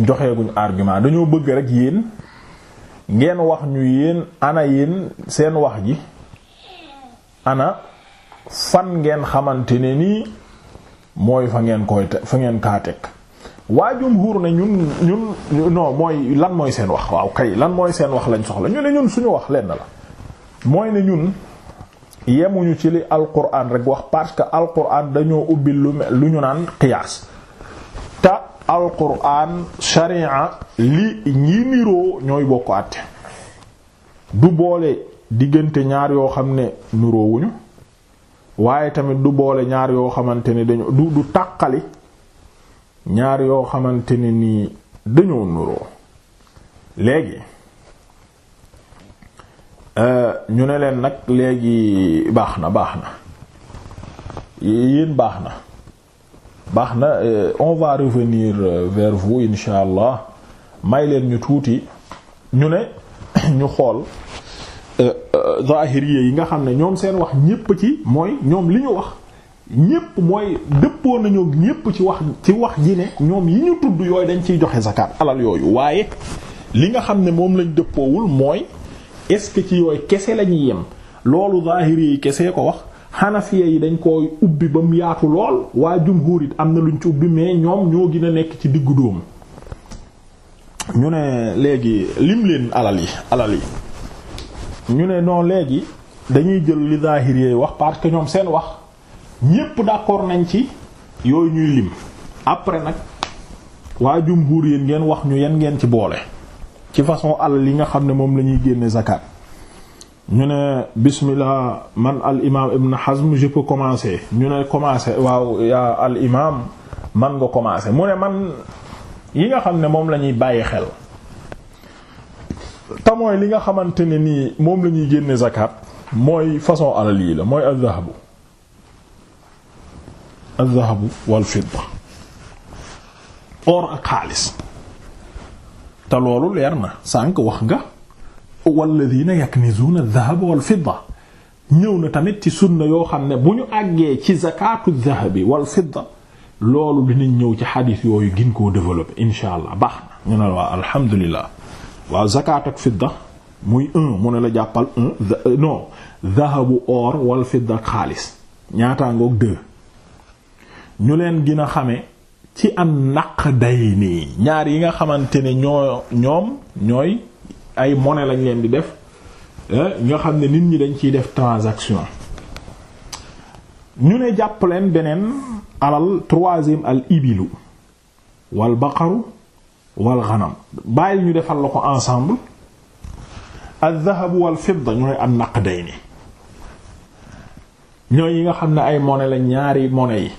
joxeeguñ argument dañoo bëgg rek yéen. ngeen wax ñu yéen ana yéen seen wax ji ana fan ngeen xamante ne nii mooy fa ngeen koy fa ngeen kaa teg waa jumhur ne ñun ñun non mooy lan mooy seen wax waaw kay lan mooy seen wax lañ soxla ñu ne ñun suñu wax lenn la mooy ne ñun yemuñu ci li alquran rek wax parce que alquran dañoo ubbi lu lu ñu naan qiyaas ta aw alquran sharia li ñi niroo ñooy bokk at du boole diggante ñaar yoo xam ne niroowuñu waaye tamit du boole ñaar yoo xamante ni dañu du du tàqali ñaar yoo xamante ne nii dañoo niroo léegi euh, ñu ne leen nag léegi baax na baax na yéen baax na baax na euh, on va revenir euh, vers vous insha allah may leen ñu tuuti ñu ne *coughs* ñu xool euh, zahiriye yi nga xam ne ñoom seen wax ñépp ci mooy ñoom li ñu wax ñépp mooy dëppoo nañoo ñépp ci wax ci wax ji ne ñoom yi ñu tudd yooyu dañ ciy joxe zakat alal yooyu waaye li nga xam ne moom lañ dëppoowul mooy est ci yooyu kese lañuy yem loolu zahiri yi kese ko wax xanafiya yi dañ koy ubbi ba mu yaatu lool waa jumhuur it am na luñ ci ubbi mais ñoom ñoo gën a nekk ci diggu doom ñu ne léegi lim leen alal yi alal yi ñu ne non léegi dañuy jël li zaahir yi wax parce que ñoom seen wax ñépp d'accord nañ ci yooyu ñuy lim après nag waa jumhuur yéen ngeen wax ñu yan ngeen ci boole ci façon alal yi nga xam ne moom la ñuy génne zakat ñu ne bismillah man al imaam Ibn Hazm je peux commencer ñu ne commencer waaw yaa al imaam man nga commencer mu ne man yi nga xam ne moom la ñuy bàyyi xel te li nga xamante ne nii moom la ñuy génne zakat mooy façon alal yi la mooy az-zahabu az-zahabu wal fidda or ak xaalis te loolu leer na sànq wax nga. walladina yaknizuuna adh-dhahaba wal-fidda ñëw na tamit ci sunna yoo xam ne bu ñu àggee ci zakatu dhahabi wal fidda loolu dinañ ñëw ci xadis yooyu gin koo développé insha allah baax na ñu ne la waa alhamdulilah waa zakat ak fidda muy un mu ne la jàppal un euh, non dhahabu or wal fidda xaalis ñaataangoog deux ñu leen gin a xame ci a an naqdayni ñaar yi nga xamante ne ñoo ñoom ñooy ay monnaie lañ leen di def eh, nga xam ne nit ñi dañ ciy def transaction ñu ne jàpp leen beneen alal troisième al ibilu wal baqaru wal ghanam bàyyil ñu defal la ko ensemble al dhahabu wal fidda ñooy am naqdayni ñooy yi nga xam ne ay monnaie la ñaari monnaie yi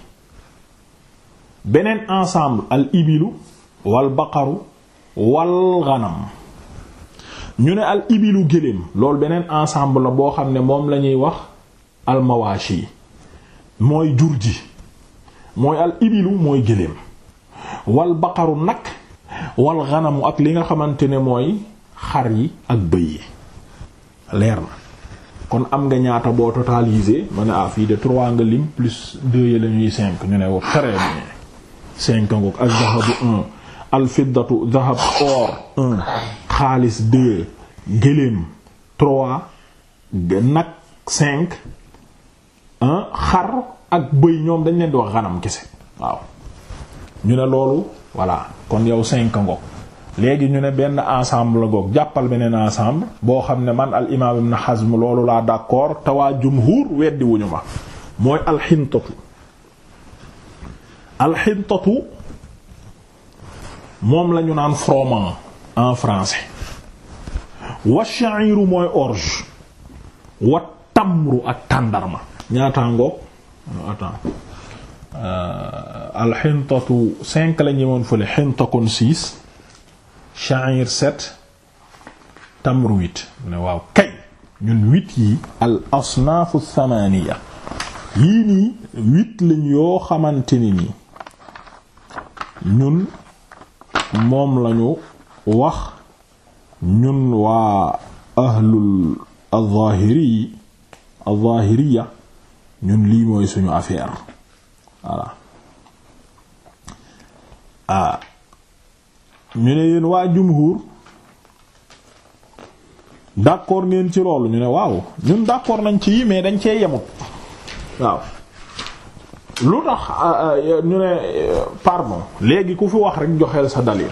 beneen ensemble al ibilu wal baqaru wal ghanam ñu ne al ibilu gëléem loolu beneen ensemble la boo xam ne moom la ñuy wax almawaashi mooy jur ji mooy al ibilu mooy gëléem wal baqaru nag wal xanamu ak li nga xamante ne mooy xar yi ak bëy yi leer na kon am nga ñaata boo totalisé ma ne ah fii de trois nga lim plus deux yi la ñuy cinq ñu ne woo très bien cinq ngoog ak zahabu al fiddatu zahab or xaalis deux gëléem trois nag cinq un xar ak bëy ñoom dañ leen di wax xanam kese waaw ñu ne loolu voilà kon yow cinq ngoog léegi ñu ne benn ensemble ngoog jàppal beneen ensemble boo xam ne man al imaam ibn Hazm loolu laa d'accord te waa jumhur weddi ma mooy alxintatu alxintatu moom la ñu naan froment en français wa sha'iru mooy orge wa tamru ak tàndarma ñaataangoog attends euh, alxintatu cinq la ñëwoon fële xinta kon six sha'ir sept tamru huit ne waaw kay ñun huit yi al asnaafu thamaniya yii nii huit lañ yoo xamante ni nii ñun moom lañu wax ñun waa ahlul al-zahiri al-zahiriya ñun lii mooy suñu affaire voilà ah ñu ne yéen waa jumhur d'accord ngeen ci loolu ñu ne waaw ñun d'accord nañ ci yi mais dañ cee yemut waaw lu tax ah, ah, ñu ne pardon léegi ku fi wax rek joxeel sa dalil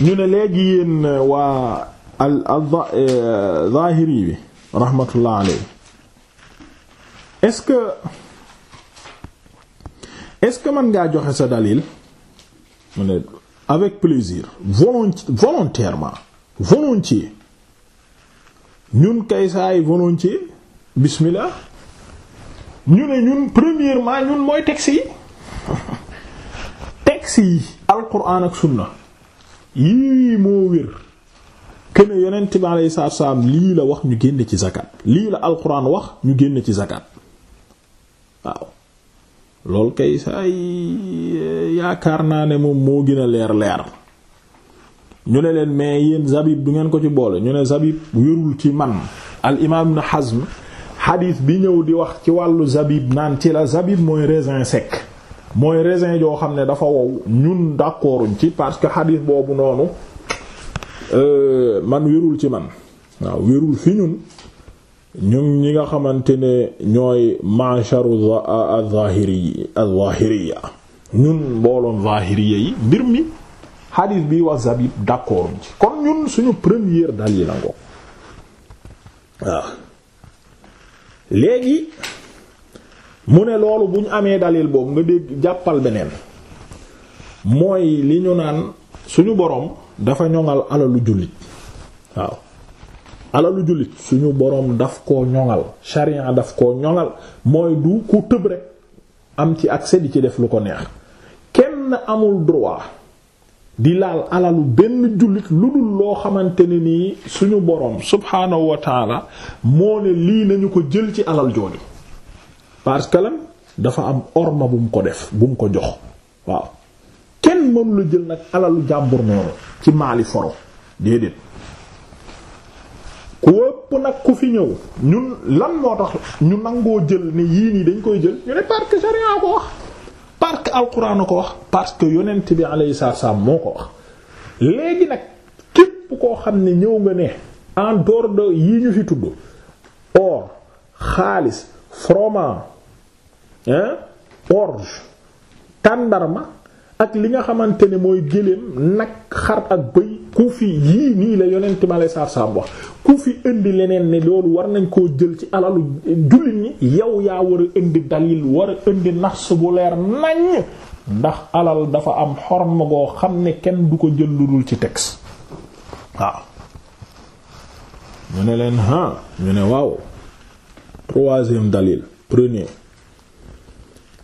ñu ne léegi yéen euh, waa al al euh, zahiri bi rahmatullah alayhi est-ce que est-ce que man ngaa joxe sa dalil mu ne avec plaisir volont volontairement volontiers ñun kay saay volontiers bismillah ñu ne ñun premièrement ñun mooy texte yi *laughs* texte yi alquran ak sunna yii moo wér kene yonent bi alayhi salaatu salaam lii la wax ñu génn ci zakat lii la alxuraan wax ñu génn ci zakat waaw loolu kay saay yaakaar naa ne moom moo gën a leer leer ñu ne leen mais yéen zabib du ngeen ko ci boole ñu ne zabib wérul ci man al imaam ibn Hazm xadiis bi ñëw di wax ci wàllu zabib naan ci la zabib mooy raisin sec mooy raisin yoo xam ne dafa wow ñun d'accorduñ ci parce que xadiis boobu noonu euh, man wérul ci man waaw wérul fi ñun ñun ñi nga xamante ne ñooy macharu az-zahiri az-zahiriya ñun mbooloom zahiriya yi mbir mi xadiis bi wax zabib d'accorduñ ci kon ñun suñu première dal la ngoo waaw léegi mu ne loolu bu ñu amee dalil boobu nga dégg jàppal beneen mooy li ñu naan suñu boroom dafa ñoŋal alalu jullit waaw alalu jullit suñu boroom daf ko ñoŋal sharia daf koo ñoŋal mooy du ku tëb rek am ci accès di ci def lu ko neex kenn amul droit di laal alalu benn jullit lu dul loo xamante ne nii suñu boroom subhaanahu wa taala moo ne lii nañu ko jël ci alal jooju parce que lan dafa am orma bu mu ko def bu mu ko jox waaw kenn moom la jël nag alalu jàmbur noonu ci maali foro déedéet ku ëpp nag ku fi ñëw ñun lan moo tax ñu nangoo jël ne yii nii dañ koy jël ñu ne parce que ko wax parce que alquran ko wax parce que yonent bi alayhi salaam moo ko wax léegi nag képp koo xam ne ñëw nga ne en dehors de ñu fi tudd or xaalis froment orge tàndarma ak li nga xamante ne mooy géléem nag xar ak bëy ku yii nii la yonent ma lay saar saam wax ku fi indi leneen ne loolu war nañ koo jël ci alalu jullit ñi yow yaa war a indi dalil war a indi nax bu leer naññ ndax alal dafa am xorma goo xam ne kenn du ko jël lu dul ci texte waaw ñu ne leen ha ñu ne waaw troisième dalil premier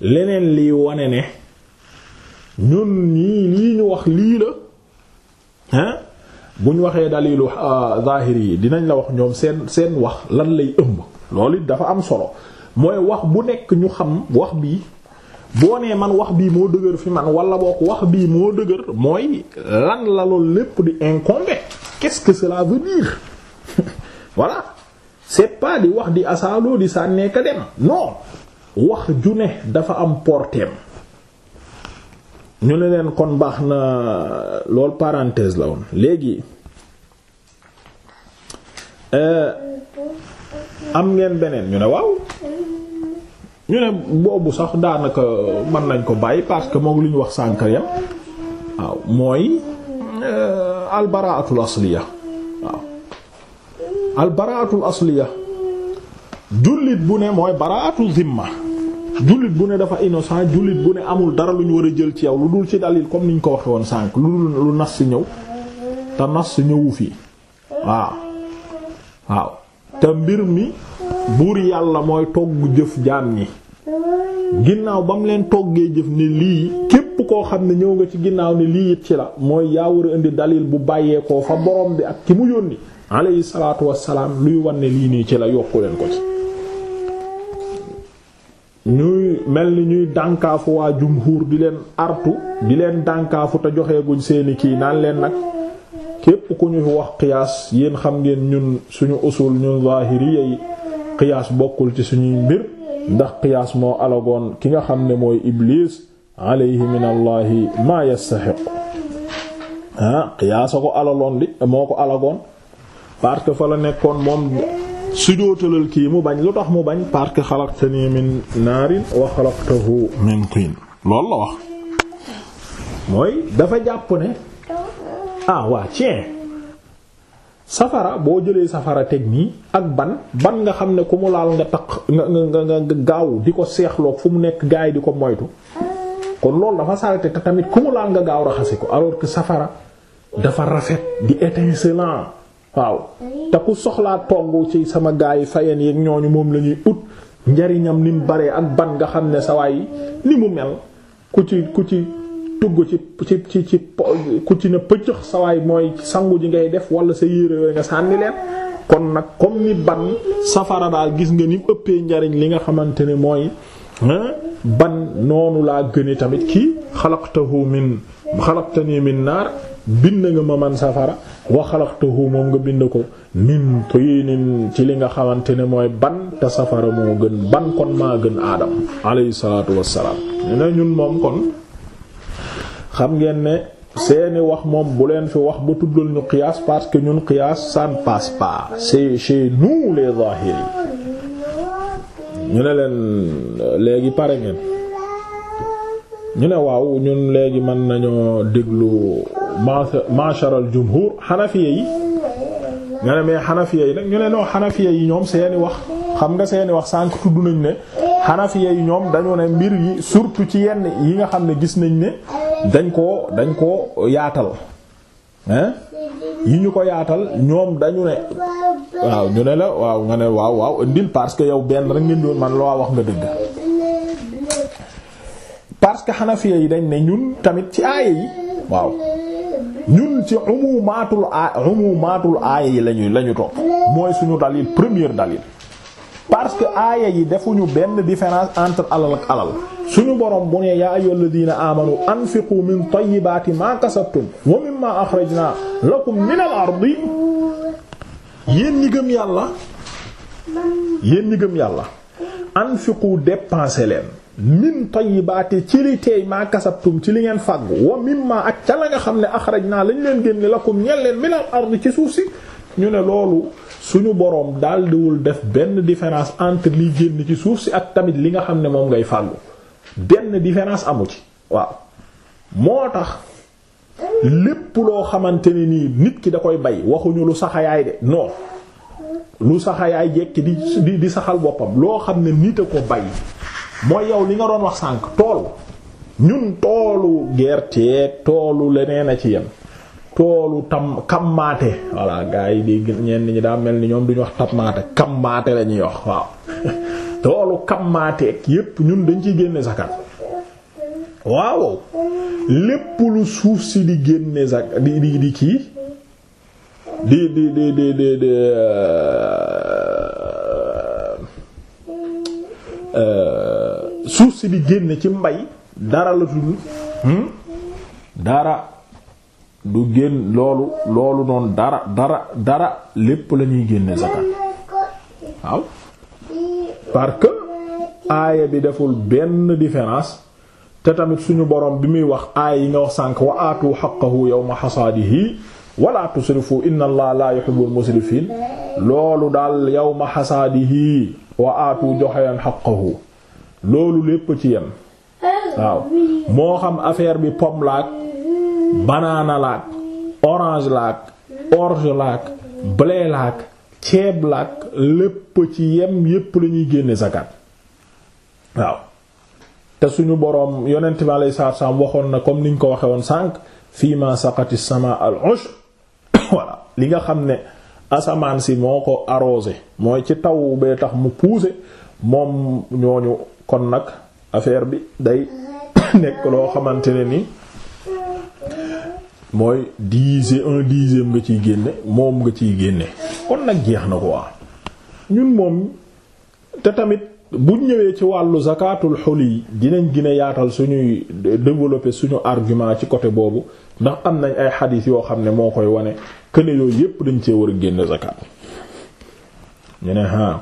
leneen lii wane ne ñun nii lii ñu wax lii la hein buñ waxee dalilu ah, zahiri yi dinañ la wax ñoom seen seen wax lan lay ëmb loolu it dafa am solo mooy wax bu nekk ñu xam wax bii boo nee man wax bii moo dëgër fi man walla boo ko wax bii moo dëgër mooy lan la loolu lépp di incombe qu'est-ce que cela veut dire *laughs* voilà pas di wax di asaaloo di sànnee ka dem non wax ju ne dafa am porteem ñu ne leen kon baax na loolu parenthèse la woon léegi euh, am ngeen beneen ñu ne waaw ñu ne boobu sax daanaka mën nañ ko bàyyi parce que moom lu ñu wax sànkar yam waaw mooy euh, albaraatul asliya waaw albaraatul asliya jullit bu ne mooy baraatul zimma jullit bu ne dafa innocent jullit bu ne amul dara lu ñu war a jël ci yaw lu dul ci dalil comme niñ ko waxe woon sànq lu dul lu nas si ñëw te nas ñëwu fii waaw te mbir mi buur yàlla mooy togg jëf jaam ñi ginnaaw ba mu leen toggee jëf ni lii képp koo xam ne ñëw nga ci ginnaaw ne lii it ci la mooy yaa war a indi dalil bu bàyyeekoo fa borom bi ak ki mu yónni alayhi salaatu wassalaam luy wan ne lii nii ci la yokk leen ko ci ñuy mel ni ñuy dànkaafu waa jumhur di leen artu di leen dànkaafu te joxeeguñ seeni kii naan leen nag képp ku ñu wax qiyaas yéen xam ngeen ñun suñu usul ñun zahiri yi qiyaas bokkul ci suñuy mbir ndax qiyaas moo alagoon ki nga xam ne mooy iblis alayhi min allahi maa yastaxiq ah qiyaasa ko alaloon di moo ko alagoon parce fa la nekkoon moom sujootalal kii mu bañ lu tax mu bañ parce que xalaqtani min naarin wa xalaqtahu min tiin loolu la wax mooy dafa jàpp ne ah waa tiens safara boo jëlee safara teg nii ak ban ban nga xam ne ku mu laal nga taq nga nga nga gaaw di ko seexloog fu mu nekk gaay di ko moytu kon loolu dafa salte te tamit ku mu laal nga gaaw raxasi ko alors que safara dafa rafet di étincelant waaw te ku soxlaa togg ci sama gaa yi fayeen yeeg ñooñu moom la ñuy ut njariñam ni mu baree ak ban nga xam ne sawaay yi ni mu mel ku ci ku ci tugg ci ci ci ci ku ci ne pëccëx sawaay mooy sangu ji ngay def wala sa yére yooyu nga sànni leen kon nag comme ni ban safara daal gis nga ni ëppee njariñ li nga xamante ne mooy ban noonu laa gëne tamit kii xalaqtahu min xalaqtani min naar bind nga ma man safara wa xalaqtahu moom nga bind ko min tinin ci li nga xamante ne mooy ban te safara moo gën ban kon maa gën aadam alayhi salaatu wassalaam ne ñun moom kon xam ngeen ne seeni wax moom bu leen fi wax ba tuddal ñu qiyaas parce que ñun qiyaas ça ne passe pas c'est chez nous les zahiri ñu ne leen léegi pare ngeen ñu ne waaw ñun léegi mën nañoo déglu ma'shar al jumhur xanafiya yi nga ne mais xanafiya yi nag ñu ne non xanafiya yi ñoom seeni wax xam nga seeni wax sànq tudd nañ ne xanafiya yi ñoom dañu ne mbir yi surtout ci yenn yi nga xam ne gis nañ ne dañ koo dañ koo yaatal hein yi ñu ko yaatal ñoom dañu ne waaw ñu ne la waaw nga ne waaw waaw indil parce que yow benn rek ngeen doon man loo wax nga dëgg parce que xanafiya yi dañ ne ñun tamit ci aaya yi waaw ñun ci umumaatul aaya yi lañuy la ñu mooy suñu dalil première dalil parce que aaya yi defuñu benn différence entre alal ak alal suñu borom bu ne yaa ayyuhal ladina amanu anfiqu min tayyibati ma kasabtum wa mimma akhrajna lakum min ardi yéen ñi gëm yàlla yéen ñi yàlla anfiqu dépensé leen min tayyibaati ci li teey maa ci li ngeen fàggu wa mimma ak ca la nga xam ne naa lañ leen génne lakum ñel leen minal ard ci suuf si ñu ne loolu suñu boroom daal def benn différence entre liy génn ci suuf si ak tamit li nga xam ne moom ngay fàggu benn différence amu ci waaw moo tax lépp loo xamante ne nii nit ki da koy bay waxuñu lu saxayaay de non lu saxayaay jekki di di saxal boppam loo xam ne nit a ko bay mooy yow li nga doon wax sànq tool ñun toolu gerte toolu leneen a ci yem toolu tam kammaate voilà gars yi di ñenn ñi daa mel ni ñoom duñu wax tamaate kammaate la ñuy wax waaw *laughs* toolu kammaateeg yépp ñun dañ ci génne zakat waaw lépp lu suuf si di génne zakat di di di kii di di di di di di euh, euh, suuf si di génn ci mbay dara la tudd hmm? dara du génn loolu loolu noonu dara dara dara lépp lañuy génne zakat waaw parce que aaya bi deful benn différence te tamit suñu boroom bi muy wax aaya yi nga wax sànk wa aatu xaqahu yawma xasaadihi wala tusrifu inna allaha la yuhibbul musrifin loolu daal ma xasaadihi wa aatu joxeen xaqahu loolu lépp ci yem waaw moo xam affaire bi pomme laak banana laak orange laak orge laak blé laak ceeb laak lépp ci yem yépp la ñuy génne sakaat waaw te suñu boroom yonent ma alayhi salaatu salaam waxoon na comme niñ ko waxe woon sànq fii ma saqati sama al ush *coughs* voilà li nga xam ne asamaan si moo ko arrosé mooy ci taw bee tax mu poussé moom ñooñu kon nag affaire bi day *coughs* nekk loo xamante ne ni mooy dixième un dixième nga ciy génne moom nga ciy génne kon nag jeex na ko waa ñun moom te tamit bu ñëwee ci wàllu zakatul xuli dinañ gën a yaatal suñuy développer suñu argument ci côté boobu ndax am nañ ay xadiis yoo xam ne moo koy wane këne yooyu yépp dañ cee war a génne zakat ñu ne ha